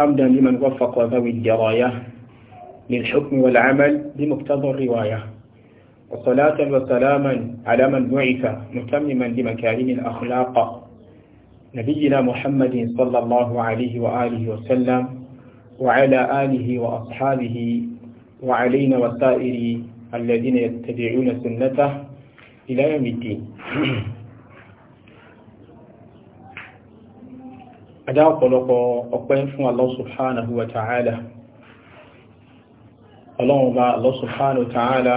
حمدا لمن وفق ذوي الدراية للحكم والعمل بمقتضى الرواية وصلاة وسلاما على من بعث متمما لمكارم الأخلاق نبينا محمد صلى الله عليه وآله وسلم وعلى آله وأصحابه وعلينا وسائر الذين يتبعون سنته إلى يوم الدين adá ọ̀pọ̀lọpọ̀ ọpẹ́ fún Allah subhanahu wa ta'ala ọlọ́run bá Allah subhanahu wa ta'ala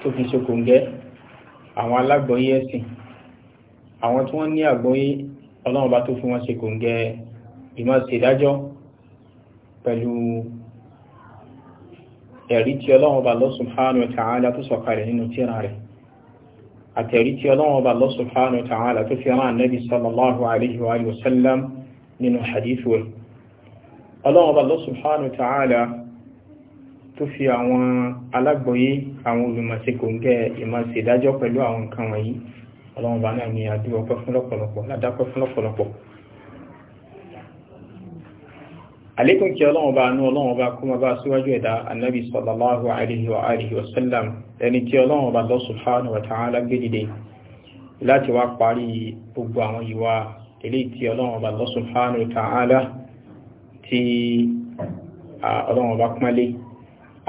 tó fi ṣe kò ń gẹ́ àwọn alágbọ̀nyé ẹ̀sìn àwọn tí wọ́n ní àgbọ́yé ọlọ́run bá tó fi wọ́n ṣe kò ń gẹ́ ìmọ̀ sí ìdájọ́ pẹ̀lú ẹ̀rí tí ọlọ́run bá Allah subhanahu tó sọ̀kalẹ̀ nínú tí nínú hadith wẹ̀ ọlọ́run bá lọ́sùn hánú tààlà tó fi àwọn alágbọ̀yé àwọn olùmọ̀sí kò ń gẹ́ ìmọ̀sí ìdájọ́ pẹ̀lú àwọn nǹkan wọ̀nyí ọlọ́run bá náà ní àdúrà ọpẹ́ fún lọ́pọ̀lọpọ̀ ládápẹ́ fún lọ́pọ̀lọpọ̀ àlékún kí ọlọ́run bá nú ọlọ́run bá kó máa bá síwájú ẹ̀dá annabi sallallahu alaihi wa alihi wa sallam ẹni tí ọlọ́run bá lọ wa ta'ala gbé dìde láti wá parí gbogbo àwọn ìwà eléyìí tí ọlọ́run ọba Allah subhanahu wa ta'ala tí ọlọ́run ọba pọ́nlé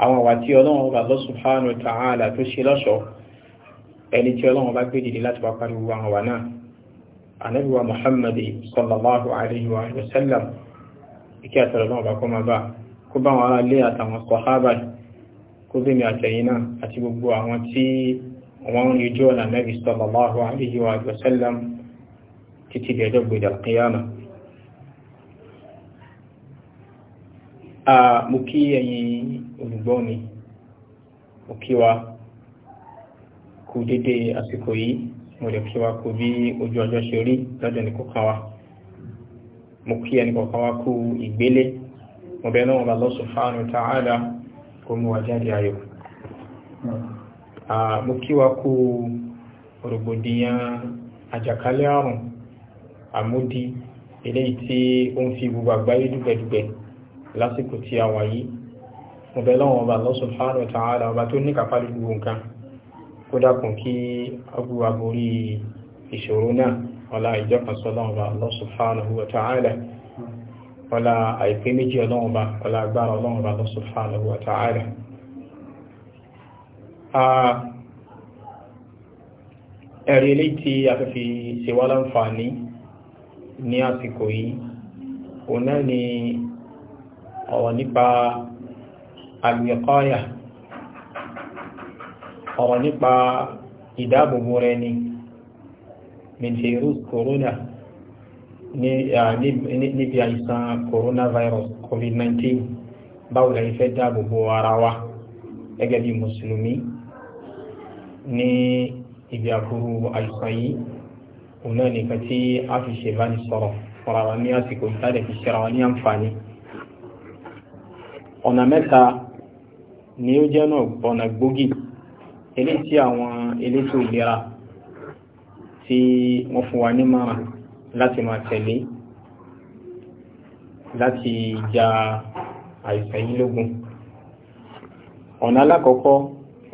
àwọn àwà tí ọlọ́run ọba Allah subhanahu wa ta'ala tó ṣe lọ́ṣọ̀ọ́ ẹni tí ọlọ́run ọba gbé dìde láti wá pariwo àwọn wà náà ànábì wa Muhammad sallallahu alayhi wa sallam ìkí àtọ̀rọ̀ ọlọ́run ọba kọ́ máa bá kó bá títí dẹjọ́ gbèdà kíyàmà mo kí ẹ̀yin olùgbọ́ mi mo kí wa kú dédé àsìkò yìí mo lè kí wa kú bí ojú ọjọ́ ṣe rí lọ́dọ̀ ní kọ̀ọ̀kan wa mo kí ẹni mo bẹ̀ náà Allah subhanahu wa ta'ala kó mú wa jáde ayọ̀ mo kí wa kú rògbòdìyàn àjàkálẹ̀ àmúdí eléyìí tí ó ń fi gbogbo àgbáyé dùgbẹ̀dùgbẹ̀ lásìkò tí a wà yìí mo bẹ̀ lọ́wọ́ ọba Allah subhanahu wa ta'ala ọba tó ní kápá lórí gbogbo nǹkan kó dákun kí agbó agorí ìṣòro náà ọlá ìjọkànsọ́ lọ́wọ́ Allah subhanahu wa ta'ala ọlá àìpé méjì ọlọ́wọ́ba ọlá agbára ọlọ́wọ́ba Allah subhanahu wa ta'ala ẹ̀rí eléyìí tí a fi fi ṣe wá láǹfààní ní àsìkò yìí òun náà ni ọ̀rọ̀ nípa àgbẹ̀kọ́yà ọ̀rọ̀ nípa ìdáàbòbò rẹ ni mìtìrú corona níbi àìsàn coronavirus covid-19 báwo la ìfẹ́ dáàbòbò ara wa gẹ́gẹ́ bí mùsùlùmí ní ibi àkúrú àìsàn yìí òun náà nìkan tí a fi ṣe bá ní sọ̀rọ̀ fọ́ra wa ní àsìkò ìtàdẹ̀ fi ṣe ra wa ní àǹfààní ọ̀nà mẹ́ta ni ó jẹ́ náà ọ̀nà gbòógì eléyìí tí àwọn elétò ìlera fún wa ní mara láti máa tẹ̀lé láti ja àìsàn yìí lógun ọ̀nà alákọ̀ọ́kọ́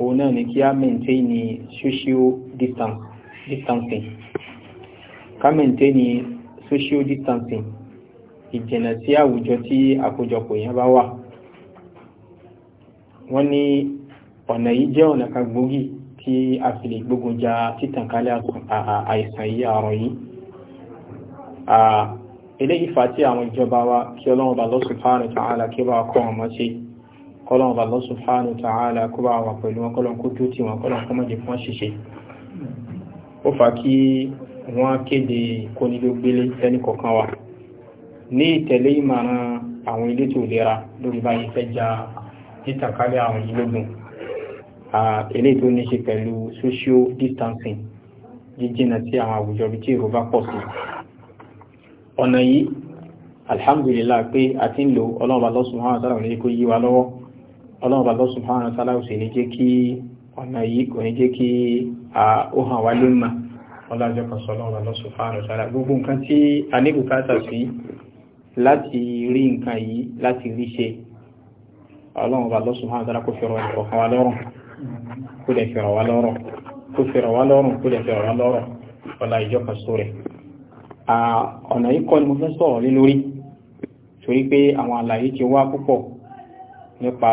òun náà ni kí a maintain ni social distance distancing ká mẹ́ǹtẹ́nì social distancing ìjìnà sí àwùjọ tí àkójọpọ̀ èèyàn bá wà wọ́n ní ọ̀nà yìí jẹ́ ọ̀nà kan gbòógì tí a fi lè gbógun ja títànkálẹ̀ àìsàn yìí àrùn yìí eléyìí fa tí àwọn ìjọba wa kí ọlọ́run bá Allah subhanahu wa ta'ala kí bá kọ́ wọn mọ́ sí kọ́lọ́run bá Allah subhanahu wa ta'ala kó bá wà pẹ̀lú wọn kọ́lọ́run kó dúró tí wọn kọ́lọ́run kó mọ́ jẹ́ fún ṣiṣẹ́ ó fa kí wọ́n kéde kónílógbélé lẹ́ni kọ̀ọ̀kan wa ní ìtẹ̀lé ìmọ̀ràn àwọn elétò ìlera lórí báyìí fẹ́ ja títàkálẹ̀ àwọn ìlógún eléyìí tó ní ṣe pẹ̀lú social distancing jíjìnà tí àwọn àwùjọ bí tí èrò bá pọ̀ sí ọ̀nà yìí alhamdulillah pé a ti ń lo ọlọ́ọ̀bà subhanahu wa ta'ala ní kó yí wa lọ́wọ́ ọlọ́ọ̀bà subhanahu wa ta'ala sì ní jẹ́ kí ọ̀nà yìí kò ní jẹ́ kí ó hàn wá lé ọlájọ́ kan sọ lọ́wọ́ lọ́sù fáàrọ̀ sára gbogbo nǹkan tí a ní bùkátà sí láti rí nǹkan yìí láti rí ṣe ọlọ́run ọba lọ́sù fáàrọ̀ sára kó fẹ̀rọ̀ ọ̀kan wa lọ́rùn kó lè fẹ̀rọ̀ wa lọ́rùn kó fẹ̀rọ̀ wa lọ́rùn kó lè fẹ̀rọ̀ wa lọ́rùn ọlá kan sọ rẹ̀ ọ̀nà yìí kọ́ ni mo fẹ́ sọ̀rọ̀ lé lórí torí pé àwọn àlàyé ti wá púpọ̀ nípa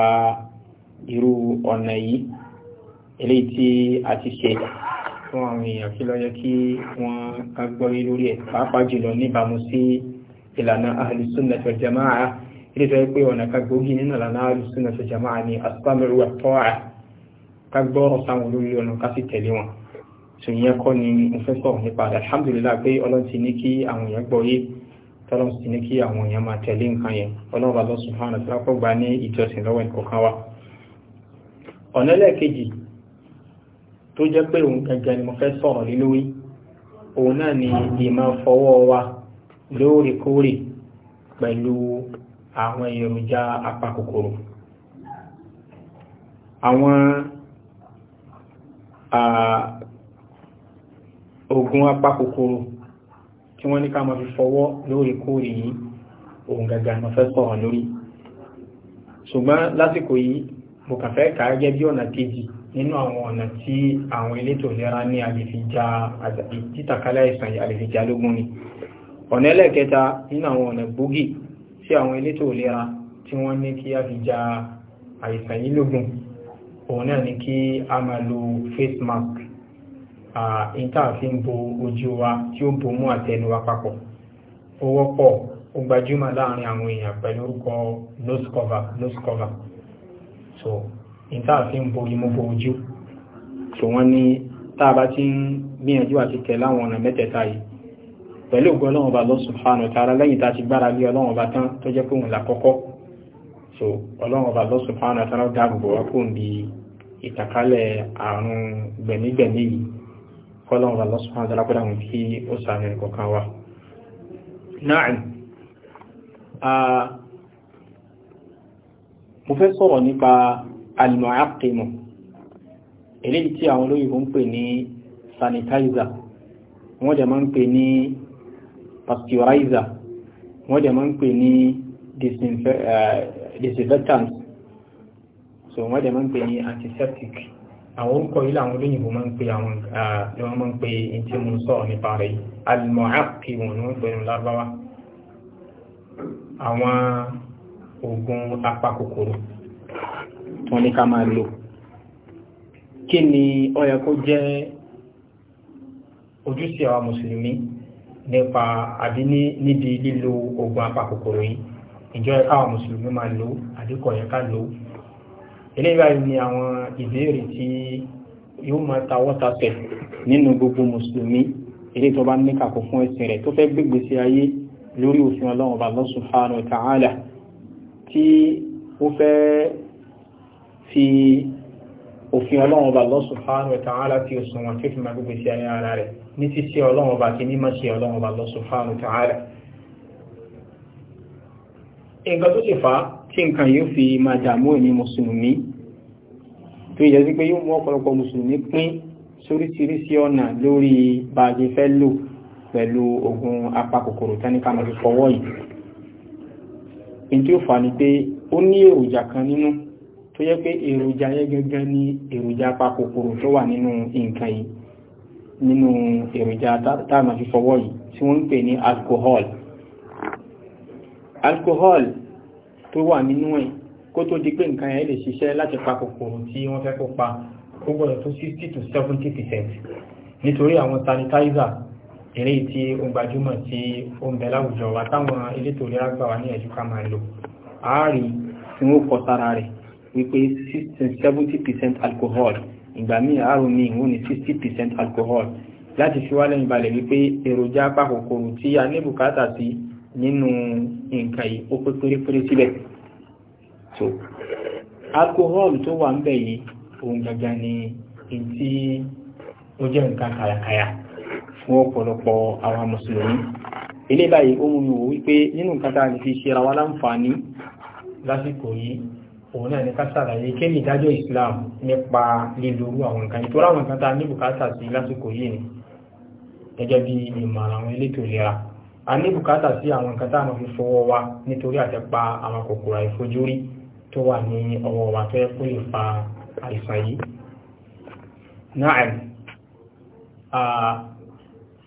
irú ọ̀nà yìí eléyìí tí a ti ṣe fún àwọn èèyàn kí ló yẹ kí wọ́n gbọ́yé lórí ẹ̀ pàápàá jùlọ níbàámu sí ìlànà ahlu sunnah wal jamaa'ah ìrìsẹ́ pé ọ̀nà kagbógi nínú ìlànà ahlu sunnah wal jamaa'ah ni as-sam'u wat-ta'ah kagbọ́rọ̀ sáwọn lórí ọ̀nà ká sì tẹ̀lé wọn tò yẹn kọ́ ni mo fẹ́ sọ̀rọ̀ nípa rẹ̀ alhamdulillah pé ọlọ́run ti ní kí àwọn èèyàn gbọ́yé tó jẹ́ pé òun gangan ni mo fẹ́ sọ̀rọ̀ lé lórí òun náà ni ìmọ̀ fọwọ́ wa lóòrèkóòrè pẹ̀lú àwọn èròjà apakòkòrò àwọn oògùn apakòkòrò tí wọ́n ní ká máa fi fọwọ́ lóòrèkóòrè yìí òun gangan mo fẹ́ sọ̀rọ̀ lórí ṣùgbọ́n lásìkò yìí mo kàn fẹ́ kàá gẹ́gẹ́ bí ọ̀nà kejì nínú àwọn ọ̀nà tí àwọn elétò ìlera ní àlèfíjà títàkálẹ̀ àìsàn àlèfíjà lógún ni ọ̀nà ẹlẹ́ẹ̀kẹta nínú àwọn ọ̀nà gbòógì tí àwọn elétò ìlera tí wọ́n ní kí a fi ja àìsàn yìí lógún òun náà ni kí a máa lo face mask ìntàfin bo ojú wa tí ó bomú àtẹnu wa papọ̀ ó wọ́pọ̀ nose cover nose cover so ìtààfin bo ìmúbo ojú so wọ́n ní tàbá tí ń gbìyànjú àti tẹ̀ láwọn ọ̀nà mẹ́tẹ̀ẹ̀ta yìí pẹ̀lú ògbọ́ ọlọ́run ọba Allah subhanahu wa lẹ́yìn tá a ti gbára lé ọlọ́run ọba tán tó jẹ́ fóun lákọ́kọ́ so ọlọ́run ọba Allah subhanahu wa ta'ala dáàbò wá fóun bí ìtàkálẹ̀ àrùn gbẹ̀mígbẹ̀mí yìí kọ́lọ́run ọba Allah subhanahu wa ta'ala kọ́dà wọn kí ó sàánú ẹ̀kọ̀kan wa. náà ah, mo fẹ́ almuaqimu eléyìí tí àwọn olóyìnbó ń pè ní sanitizer wọ́n dẹ̀ máa ń pè ní pasteurizer wọ́n dẹ̀ máa ń pè ní eh, disinfectant so wọ́n dẹ̀ máa ń pè ní antiseptic àwọn orúkọ yìí làwọn olóyìnbó máa ń pè àwọn eh, ni wọ́n máa ń pè ní tí mo sọ̀rọ̀ nípa rẹ̀ yìí almuaqimu ni wọ́n pè ní àwọn oògùn apakòkòrò wọ́n ní ká máa lò kí ni ó yẹ kó jẹ́ ojúṣe àwa mùsùlùmí nípa àbí níbi lílo oògùn apakòkòrò yìí ìjọ yẹ káwa mùsùlùmí máa lò àbí kò ká lò eléyìí ni àwọn ìbéèrè tí yóò máa ta wọ́tàtẹ̀ nínú gbogbo mùsùlùmí eléyìí tó bá ní kàkó fún ẹsẹ̀ rẹ̀ tó fẹ́ gbégbé sí ayé lórí òfin ọlọ́run bàbá subhanahu wa ta'ala tí ó fẹ́ fi òfin ọlọ́run ọba Allah subhanahu wa ta'ala fi òsùn wọn tí ó fi máa gbogbo sí ayé ara rẹ̀ ní ti ṣe ọlọ́run ọba kí ní má ṣe ọlọ́run ọba Allah subhanahu wa ta'ala. nǹkan tó ṣe fà á tí nǹkan yóò fi máa dààmú ẹ̀mí mùsùlùmí tó yẹ sí pé yóò mú ọ̀pọ̀lọpọ̀ mùsùlùmí pín sóríṣiríṣi ọ̀nà lórí bá fẹ́ lò pẹ̀lú oògùn apakòkòrò tẹ́níkà fi fọwọ́ yìí tó yẹ pé èròjà yẹn gẹ́gẹ́ ní èròjà apakòkòrò tó wà nínú nǹkan yìí nínú èròjà táàmà fi fọwọ́ yìí tí wọ́n ń pè ní alcohol alcohol tó wà nínú ẹ̀ kó tó di pé nǹkan yẹn lè ṣiṣẹ́ láti pa kòkòrò tí wọ́n fẹ́ kó ó gbọ́dọ̀ tó 60 to 70 percent nítorí àwọn sanitizer eré tí ó gbajúmọ̀ tí ó ń bẹ láwùjọ wa táwọn elétò ìlera gbà wá ní ẹ̀jú ká máa lò ààrí tí wọ́n kọ sára rẹ̀ wípé seventy percent alcohol ìgbà míì àrùn míì wọ́n ní sixty percent alcohol láti fi wálẹ̀ ìbalẹ̀ wípé èròjà apakòkòrò tí a ní bùkátà sí nínú nǹkan yìí ó pé pérépéré síbẹ̀ so alcohol tó wà ń bẹ̀ yìí ohun gangan ni tí ó jẹ́ nǹkan kàyàkàyà fún ọ̀pọ̀lọpọ̀ àwọn mùsùlùmí ilé báyìí ó mú mi wò wípé nínú nǹkan tá a lè fi ṣe ara wa láǹfààní lásìkò yìí òun náà ní ká ṣàlàyé kí ni ìdájọ́ Islam nípa lílorú àwọn nǹkan ìtura àwọn nǹkan tá a ní sí lásìkò yìí ni gẹ́gẹ́ bí ìmọ̀ràn àwọn elétò ìlera a ní bùkátà sí àwọn nǹkan tá a máa fi fọwọ́ wa nítorí àtẹ́pa àwọn kòkòrò àìfojúrí tó wà ní ọwọ́ wa tó yẹ kó lè fa àìsàn yìí náà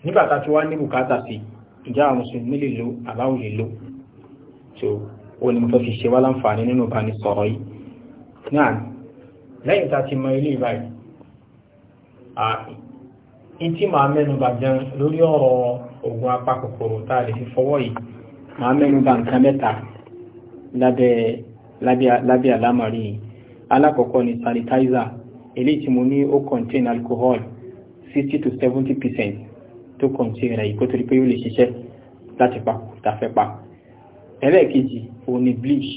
nígbà tá a ti wá ní sí ìjà àwọn mùsùlùmí lè lo àbáwò lè lo òun ni mo fẹ́ fi ṣe wá láǹfààní nínú ìbánisọ̀rọ̀ yìí náà lẹ́yìn tá a ti mọ ilé ìbáyìí ìtí màá mẹ́nubà jẹun lórí ọ̀rọ̀ oògùn apakòkòrò tá a lè fi fọwọ́ yìí màá mẹ́nubà nǹkan mẹ́ta lábẹ́ àlámọ̀rí alákọ̀ọ́kọ́ ni sanitizer eléyìí tí mo ní ó contain alcohol sixty to seventy percent tó contain rẹ̀ yìí kó torí pé yóò lè ṣiṣẹ́ láti pa kòkòrò pa ẹlẹ́ẹ̀kejì òun ni bleach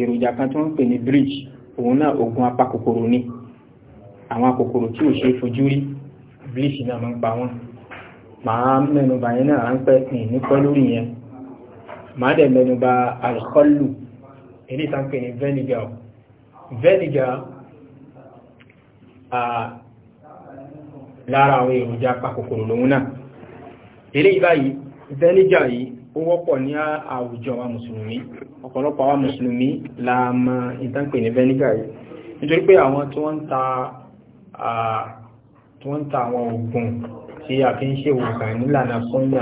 èròjà kan tí wọ́n ń pè ní bleach òun náà oògùn apakòkòrò ni àwọn akòkòrò tí ò ṣe é fojú rí bleach náà máa ń pa wọ́n màá mẹ́nuba yẹn náà ráńpẹ́ pè ní kọ́ lórí yẹn màá dẹ̀ mẹ́nuba alkọ́lù èyí tá ń pè ní vinegar vinegar lára àwọn èròjà apakòkòrò lòun náà eléyìí báyìí vinegar yìí ó wọ́pọ̀ ní àwùjọ àwọn mùsùlùmí ọ̀pọ̀lọpọ̀ àwọn mùsùlùmí la mọ̀ ìtànpè ní vinegar yìí nítorí pé àwọn tí wọ́n ń ta àwọn oògùn tí a fi ń ṣe òògùn nílànà sọ́nà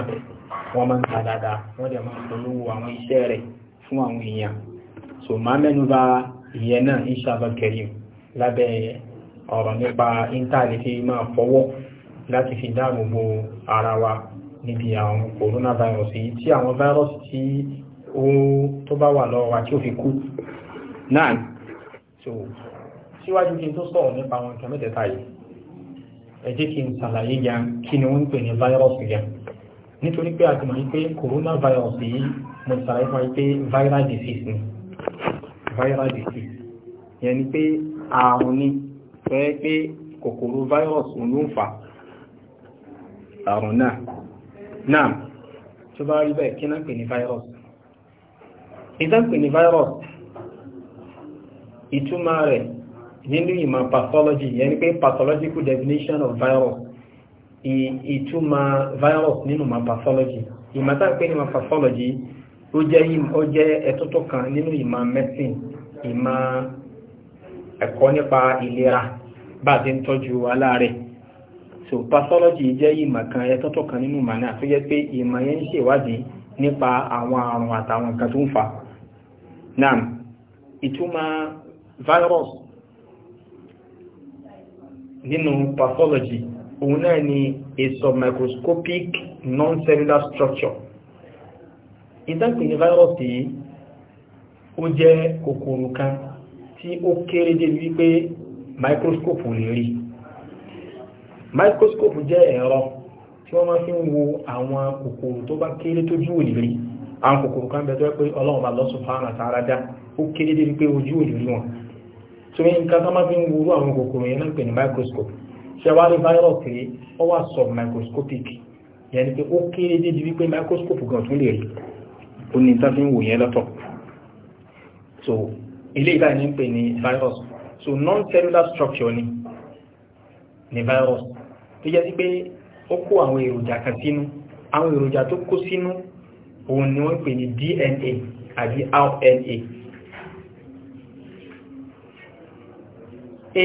wọ́n máa ń ta dáadáa wọ́n dẹ̀ máa polówó àwọn iṣẹ́ rẹ̀ fún àwọn èèyàn so máa mẹ́nu bà ìyẹn náà inshallah karim lábẹ́ ọ̀rọ̀ nípa intanet fi máa fọwọ́ láti fi dáàbò bo ara wa níbi àwọn coronavirus èyí tí àwọn virus tí ó tó bá wà lọ́wọ́ wa tí ó fi kú náà so síwájú kí n tó sọ̀rọ̀ nípa àwọn nǹkan mẹ́tẹ̀ẹ̀ta yìí ẹ kí n ṣàlàyé ya kí ni wọ́n ń pè ní virus ya nítorí pé a mọ̀ pé coronavirus yìí mo ṣàlàyé fún wa pé viral disease ni viral disease yẹn ni pé àrùn ni pé kòkòrò virus ló ń fà àrùn náà náà tó bá rí bẹ́ẹ̀ kí náà pè ní virus ìdáǹpè ní virus ìtumọ̀ rẹ̀ nínú ìmọ̀ pathology yẹni pé pathological definition of virus ìtumọ̀ virus nínú ìmọ̀ pathology ìmọ̀ táǹpè ní ìmọ̀ pathology ó jẹ́ ẹ̀tọ́tọ́ kan nínú ìmọ̀ medicine ìmọ̀ ẹ̀kọ́ nípa ìlera bá ti ń tọ́jú aláàrẹ̀ so pathology jẹ́ ìmọ̀ kan ẹtọ́tọ̀ kan nínú ìmọ̀ náà tó jẹ́ pé ìmọ̀ yẹn ń ṣèwádìí nípa àwọn àrùn àtàwọn nǹkan tó ń fà náà ìtumọ̀ virus nínú pathology òun náà ni a submicroscopic non-cellular structure ìtàkùn ní virus yìí ó jẹ́ kòkòrò kan tí ó kéré débi wípé microscope ò lè rí microscope jẹ́ ẹ̀rọ tí wọ́n máa fi ń wo àwọn kòkòrò tó bá kéré tó jú òlì àwọn kòkòrò kan bẹ̀ tó pé ọlọ́run Allah subhanahu wa ta'ala dá ó kéré débi pé ojú òlì rí wọn tó ní nǹkan tó máa fi ń wo àwọn kòkòrò yẹn náà pè ní microscope ṣe wá rí virus pé ó wà sub microscopic yẹn ni pé ó kéré débi wípé microscope gan tún lè rí ó ní tá fi ń wò yẹn lọ́tọ̀ so ilé ìbáyìí ní pè ní virus so non-cellular structure ni ni virus tó jẹ́ sí pé ó kó àwọn èròjà kan sínú àwọn èròjà tó kó sínú òun ni wọ́n pè ní DNA àbí RNA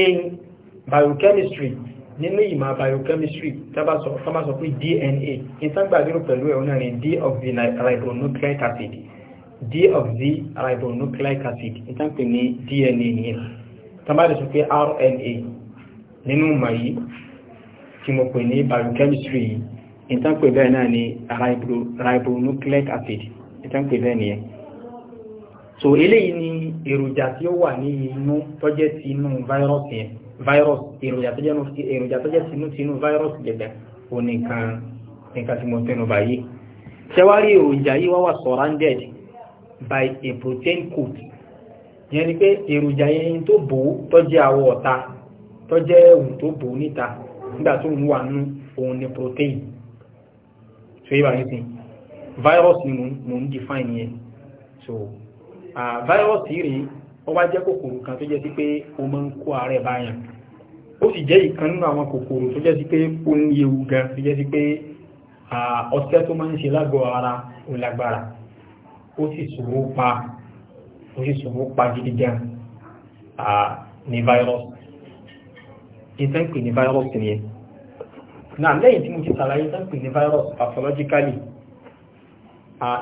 in biochemistry nínú ìmọ̀ biochemistry tábà sọ pé DNA ìtàgbàdúró pẹ̀lú ẹ̀ ọ̀nà rẹ̀ D of the ribonucleic acid D of the ribonucleic acid ìtàgbẹ̀ ní DNA nìyẹn tábà sọ pé RNA nínú mọ̀ yìí tí mo pè ní biochemistry yìí ìtànpè bẹ́ẹ̀ náà ni ribonucleic acid ìtànpè bẹ́ẹ̀ nìyẹn so eléyìí ni èròjà tí ó wà ní inú tọ́jẹ́ ti inú virus yẹn virus èròjà tọ́jẹ́ ti inú ti inú virus gẹ̀gẹ̀ ó ní nǹkan nǹkan tí mo tẹnu báyìí ṣẹwárí èròjà yìí wá wà surrounded by a protein coat yẹn ni pé èròjà yẹn tó bò ó tọ́jẹ́ àwọ̀ ọ̀ta tọ́jẹ́ ẹ̀wù tó bò ó níta nígbà tó ń wà nú òun ni protein so yíba ní sin virus ni mo ń define yẹn so virus yìí rèé ó wá jẹ́ kòkòrò kan tó jẹ́ sí pé ó máa ń kó àárẹ̀ báyàn ó sì jẹ́ ìkan nínú àwọn kòkòrò tó jẹ́ sí pé ó ń léwu gan tó jẹ́ sí pé ọ̀sẹ̀ tó máa ń ṣe lágọ̀ọ́ ara ó lágbára ó sì ṣòro pa ó sì ṣòro pa gidi gan ní virus ìtàn pè ní virus nìyẹn náà lẹ́yìn tí mo ti sàlàyé ìtàn pè ní virus pathologically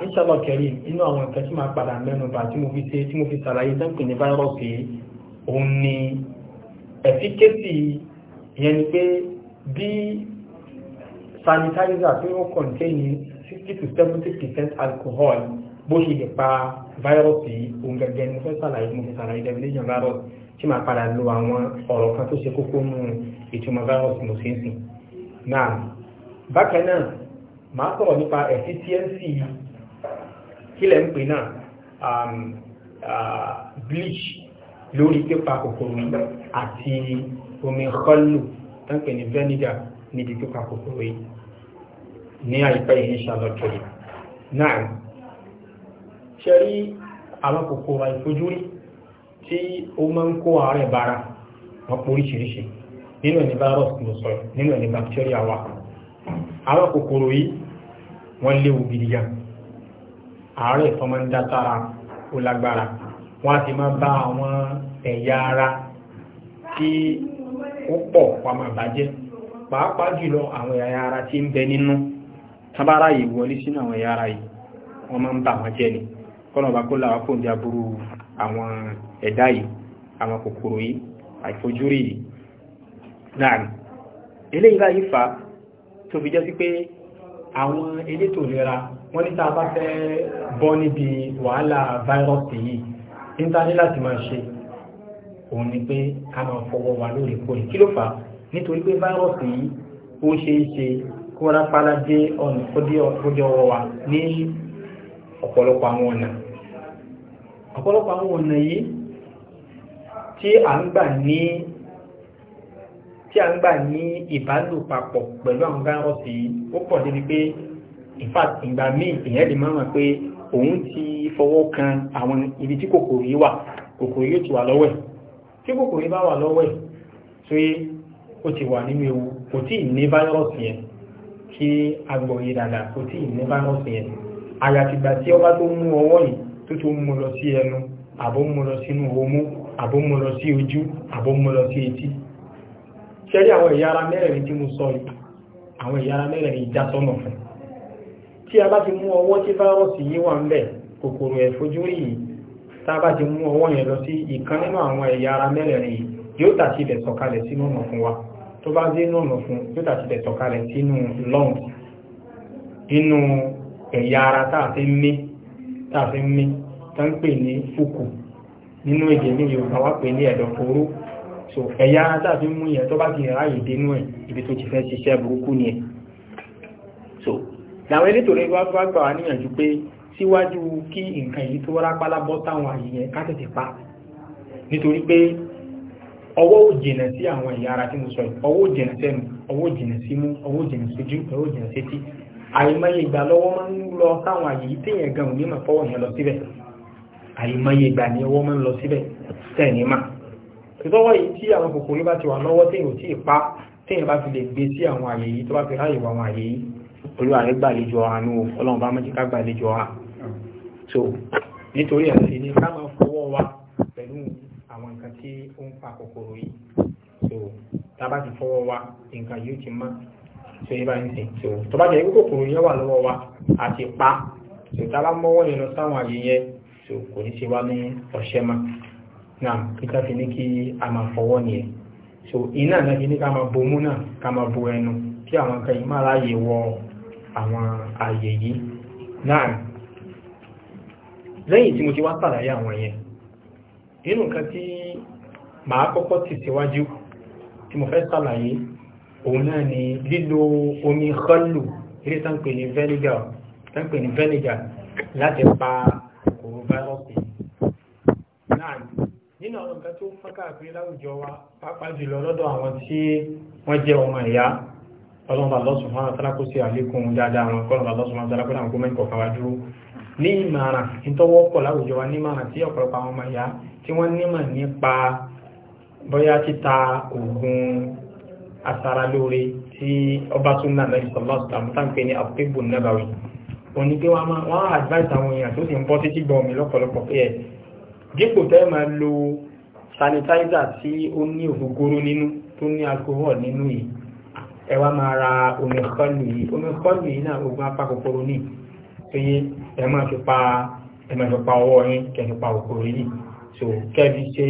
inshallah kẹrin inú àwọn nǹkan tí máa padà mẹ́nu bá tí mo fi ṣe tí mo fi sàlàyé ìtàn pè ní virus yìí òun ni efficacy ìyẹn ni pé bí sanitizer tí ó contain sixty to seventy percent alcohol bó ṣe lè pa virus yìí òun gẹ́gẹ́ ni mo fẹ́ sàlàyé mo fi sàlàyé definition virus yìí tí màá padà lo àwọn ọ̀rọ̀ kan tó ṣe kókó nù ìtumọ̀ virus mo ṣe ń sìn. náà bákan náà màá sọ̀rọ̀ nípa efficiency kílẹ̀ ń pè náà um, uh, bleach lórí pípa kòkòrò yìí àti omi kọlù tó ń pè ní vinegar níbi pípa kòkòrò yìí ní àìpẹ́ yìí inshallah kiri náà ṣe rí àwọn kòkòrò àìfojúrí tí ó máa ń kó ààrẹ bára wọn pọ̀ oríṣiríṣi nínú ẹni virus ló sọ nínú ẹni bacteria wà àwọn kòkòrò yìí wọ́n léwu gidi gan ààrẹ tó máa ń dá sára ó lágbára wọ́n á ti máa bá àwọn ẹ̀yà ara tí ó pọ̀ wà bàjẹ́ pàápàá jùlọ àwọn ẹ̀yà ara tí ń bẹ nínú tábára yìí wọlé sínú àwọn ẹ̀yà ara yìí wọ́n máa ń bà wọ́n jẹ́ ni kọ́nà bá kó làwọn kò ń di aburú àwọn ẹ̀dá yìí àwọn kòkòrò yìí àìfojúrí yìí náà eléyìí láyé fa tó fi jẹ́ sí pé àwọn elétò ìlera wọ́n ní tàbá fẹ́ bọ́ níbi wàhálà fáírọ́ọ̀sì yìí níta ní láti máa ṣe òun ni pé ká máa fọwọ́ wa lóòrèkóòrè kí ló fà nítorí pé fáírọ́ọ̀sì yìí ó ṣeé ṣe kí rápálá dé ọ̀nà kódé ọwọ́ wa ní ọ̀pọ̀lọpọ̀ àwọn ọ̀nà ọ̀pọ̀lọpọ̀ àwọn ọ̀nà yìí tí a ń gbà ní tí a ń gbà ní ìbálò papọ̀ pẹ̀lú àwọn fáírọ́ọ̀sì ó pọ̀ débi pé in fact ìgbà míì èèyàn lè máa mọ̀ pé òun ti fọwọ́ kan àwọn ibi tí kòkòrò yìí wà kòkòrò yóò ti wà lọ́wọ́ ẹ̀ tí kòkòrò yìí bá wà lọ́wọ́ ẹ̀ tí ó ti wà nínú ewu kò tí ì ní yẹn kí agbọ̀nyé dáadáa kò tí ì ní yẹn àyàtìgbà tí ọba tó mú ọwọ́ yìí tó tó mú lọ sí ẹnu àbó mú lọ sínú omú àbó mú lọ sí ojú àbó mú lọ sí etí ṣẹ́rí àwọn ẹ̀yà ara mẹ́rẹ̀ẹ̀rin tí mo sọ yìí àwọn ẹ̀yà ara mẹ́rẹ̀ẹ̀rin ìjásọ́nà fún tí a bá ti mú ọwọ́ tí fáírọ́ọ̀sì yìí wà ń bẹ̀ kòkòrò ẹ̀fojúrí yìí tá a bá ti mú ọwọ́ yẹn lọ sí ìkan nínú àwọn ẹ̀yà ara mẹ́rẹ̀ẹ̀rin yìí yóò tàti ilẹ̀ sọ̀kalẹ̀ sínú ọ̀nà fún wa tá a fi tá a fi ń mí nínú èdè ní Yorùbá wá pè ní ẹ̀dọ̀fóró so ẹ̀yà tàbí mú yẹ tó bá ti ráyè dénú ẹ̀ ibi tó ti fẹ́ ṣiṣẹ́ burúkú ni ẹ̀ so làwọn elétò rẹ̀ wá bá gbà wá níyànjú pé síwájú kí nǹkan yìí tó rápálá bọ́ táwọn ká tètè pa nítorí pé ọwọ́ ò jìnà sí àwọn ẹ̀yà ara tí mo sọ yìí ọwọ́ ò jìnà sẹ́nu ọwọ́ ò jìnà ọwọ́ ò jìnà àìmọye ìgbà ni ọwọ́ máa lọ síbẹ̀ tẹ̀ní ìtọ́wọ́ yìí tí àwọn kòkòrò bá ti wà lọ́wọ́ téèyàn tí ì pa bá fi lè gbé sí àwọn àyè yìí tó bá fi ráyè wọ àwọn àyè yìí olúwa rẹ̀ gbàlejò àánú ọlọ́run bá mọ́jíká gbàlejò àá so nítorí ẹ̀sìn ni ká máa fọwọ́ wa pẹ̀lú àwọn nǹkan tí ó ń pa kòkòrò yìí so tá bá ti fọwọ́ wa nǹkan yóò ti mọ́ so yíba ń sìn so tó bá jẹ́ kókòrò yẹn wà lọ́wọ́ wa àti pa so tá bá mọ́wọ́ yẹn lọ sáwọn àyè yẹn so kò ní ṣe wá ní ọ̀ṣẹ́ mà náà peter fi ní kí a máa fọwọ́ nìyẹn so iná náà fi ní ká máa bomú náà ká máa bo ẹnu kí àwọn nǹkan yìí má ráàyè wọ àwọn ààyè yìí náà lẹ́yìn tí mo ti wá sàlàyé àwọn yẹn nínú nǹkan tí màá kọ́kọ́ ti síwájú tí mo fẹ́ sàlàyé òun náà ni lílo omi kọlù eré tánpè ní vinegar láti pa fáírọ́ọ̀sì náà nínú àwọn nǹkan tó fọ́n káàkiri láwùjọ wa pàápàá jùlọ lọ́dọ̀ àwọn tí wọ́n jẹ́ ọmọ ìyá ọlọ́mọba lọ́sùn fún àtàrà kó sí àlékún dáadáa wọn kọ́lọ́mọba lọ́sùn fún àtàrà kó dáwọn kó mẹ́kọ̀ọ́ kan wá dúró ní ìmọ̀ràn ìtọ́wọ́ pọ̀ láwùjọ wa ní ìmọ̀ràn tí ọ̀pọ̀lọpọ̀ àwọn ọmọ ìyá tí wọ́n nímọ̀ nípa bóyá títa oògùn asaralóore tí ọba tún náà lẹ́yìn sọ́lọ́sùn àmútàǹpé ní àpébù nàbàwì òní pé wọ́n á advice àwọn èèyàn tó sì ń bọ́ títí gbọ́ mi lọ́pọ̀lọpọ̀ pé ẹ̀ dípò tẹ́ máa lo sanitizer tí ó ní òfógóró nínú tó ní alcohol nínú yìí ẹ wá máa ra omi kọlù yìí omi kọlù yìí náà oògùn apakòkòrò ní tó yé ẹ máa fi pa ẹ máa fi pa ọwọ́ yín kẹ́ fi pa òkòrò yìí so kẹ́bi ṣe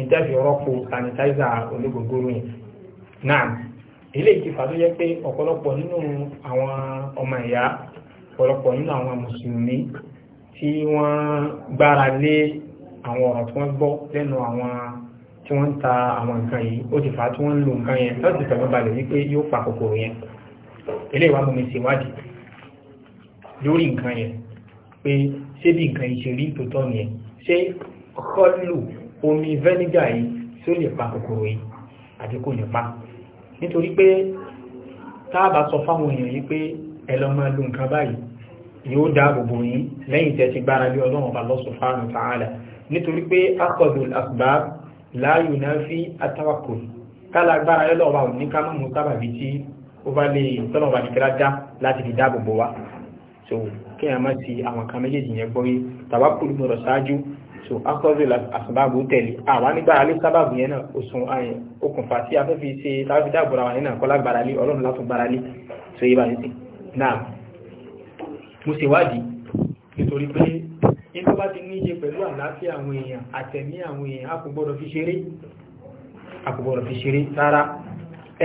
ìtẹ́fì rọ́pò sanitizer ológógóró yẹn náà ilé ìtìfà tó jẹ́ pé ọ̀pọ̀lọpọ̀ nínú àwọn ọmọ ìyá ọ̀pọ̀lọpọ̀ nínú àwọn mùsùlùmí tí wọ́n gbára lé àwọn ọ̀rọ̀ tí wọ́n gbọ́ lẹ́nu àwọn tí wọ́n ń ta àwọn nǹkan yìí ó ti fà á tí wọ́n ń lo nǹkan yẹn lọ́sì tẹ̀wọ́n balẹ̀ wípé yóò pa kòkòrò yẹn eléyìí wá mú mi ṣèwádìí lórí nǹkan yẹn pé ṣé bí nǹkan yìí ṣe rí tòótọ́ nìyẹn ṣé kọ́lù omi vẹ́nígà yìí tí ó lè pa kòkòrò yìí àti kò lè pa nítorí pé tá sọ fáwọn èèyàn yìí pé ẹlọ́mọ ló nǹkan báyìí yóò dáàbòbò yín lẹ́yìn tẹ́ ti gbára lé ọlọ́run ọba Allah subhanahu wa ta'ala nítorí pé akọ̀dùn asbab la yunafi atawakkul kálá gbára lé lọ́wọ́ òní ká mọ̀ mú sábàbí tí ó bá lè tọ́nà ọba nìkẹ́lá dá láti fi dáàbòbò wa so kí a má ti àwọn kan méjèèjì yẹn gbọ́ yé tawakkul gbọ́dọ̀ ṣáájú so akọ́sí àsùnbáàbò tẹ̀lé àwọn anígbàrá lé sábàbù yẹn náà òsùn okùnfà tí afẹ́fẹ́ ṣe tàbí dáàbòrà wà nínú àkọ́lágbàrá lé ọlọ́run látún gbára lé so yé bá ní sìn náà mo ṣèwádìí nítorí pé nígbà bá ti ní ṣe pẹ̀lú àlàáfíà àwọn èèyàn àtẹ̀mí àwọn èèyàn a kò gbọ́dọ̀ fi ṣeré a kò gbọ́dọ̀ fi ṣeré rárá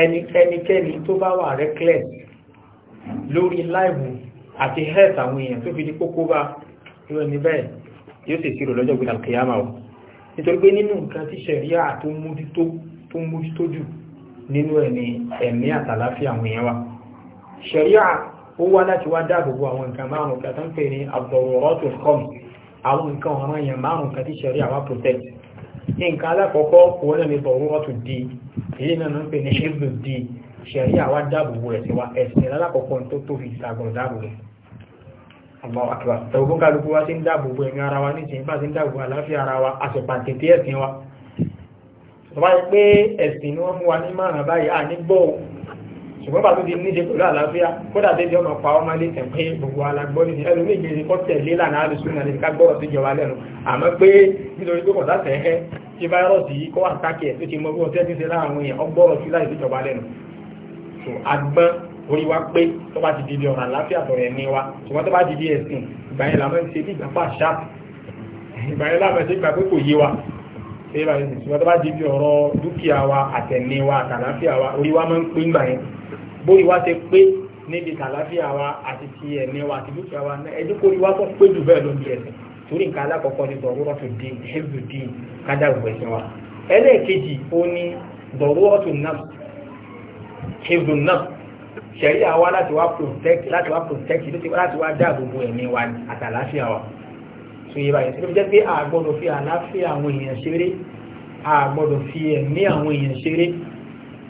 ẹnikẹ́ni tó bá wà reckless lórí láìwù àti health àwọn èèyàn tó fi di kókó bá yóò ní bẹ́ẹ̀ yóò sì ṣírò lọ́jọ́ gbìyànjú kìyàmà o nítorí pé nínú nǹkan tí ṣẹ̀ríà tó mójútó tó mójútó jù wa ṣẹ̀ríà ó wá láti wá dáàbò bo àwọn nǹkan márùn kan tó ń pè ní ad-daruratul khams àwọn nǹkan ọ̀ràn yẹn márùn kan tí ṣẹ̀rí àwa protect nǹkan alákọ̀ọ́kọ́ òun náà ní daruratud din èyí náà ló ń pè ní hifdud din ṣẹ̀rí àwa dáàbò bo rẹ̀ tiwa ẹ̀sìn alákọ̀ọ́kọ́ tó tó fi ìsàgbọ̀n dáàbò rẹ̀ Allahu akbar ṣùgbọ́n bàtó di níṣe pẹ̀lú àlàáfíà kódà débi ọmọ pa ọmọ ilé tẹ̀ pé gbogbo alágbọ́ ní ẹnu méje ní kọ́tẹ̀ lé lànà àlùsùn náà nìkan gbọ́rọ̀ tó jọba lẹ́nu àmọ́ pé nítorí pé kọ̀tà tẹ̀ ẹ́ tí fáírọ́ọ̀sì yìí kọ́ àtàkì ẹ̀ tó ti mọ bí wọ́n tẹ́tí ṣe láàrin èèyàn ọgbọ́rọ̀ sí láì tó jọba lẹ́nu so agbọ́n orí wa pé tó bá ti di ọ̀rọ̀ àlàáfíà tọ̀rọ̀ ẹ̀mí wa ṣùgbọ́n tó bá ti di ẹ̀sìn ìgbà yẹn làwọn ṣe bí ìgbà fà ṣáàpù ìgbà yẹn làwọn ṣe bá yìí ṣùgbọ́n tó bá di bí ọ̀rọ̀ dúkìá wa àtẹ̀mí wa àtàláfíà wa orí wa máa ń pín gbà yẹn bóyí wa ṣe pé níbi tàláfíà wa àti ti ẹ̀mí wa àti dúkìá wa náà ẹjú kórí wa tó pé jù bẹ́ẹ̀ ló ń di ẹ̀sìn torí nǹkan alákọ̀ọ́kọ́ ni dọ̀rọ́tù dín hẹ́bù dín kájà ìgbẹ̀sìn wa ẹlẹ́ẹ̀kejì ó ní dọ̀rọ́tù náà hẹ́bù náà ṣẹ̀rí àwa láti wá protect láti wá protect láti wá dáàbò ẹ̀mí wa àtàláfíà wa tó yé báyìí tó jẹ́ pé a gbọ́dọ̀ fi àlàáfíà àwọn èèyàn ṣeré a gbọ́dọ̀ fi ẹ̀mí àwọn èèyàn ṣeré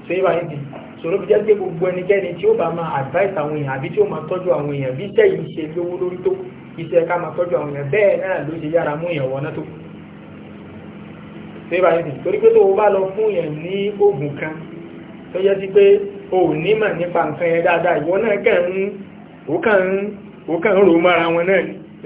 tó yé báyìí ti sọ̀rọ̀ fi jẹ́ pé gbogbo ẹnikẹ́ni tí ó bá máa advice àwọn èèyàn àbí tí ó máa tọ́jú àwọn èèyàn bí iṣẹ́ yìí ṣe lówó lórí tó iṣẹ́ ká máa tọ́jú àwọn èèyàn bẹ́ẹ̀ náà ló ṣe yára mú èèyàn wọná tó tó yé báyìí torí pé tó bá lọ fún èèyàn ní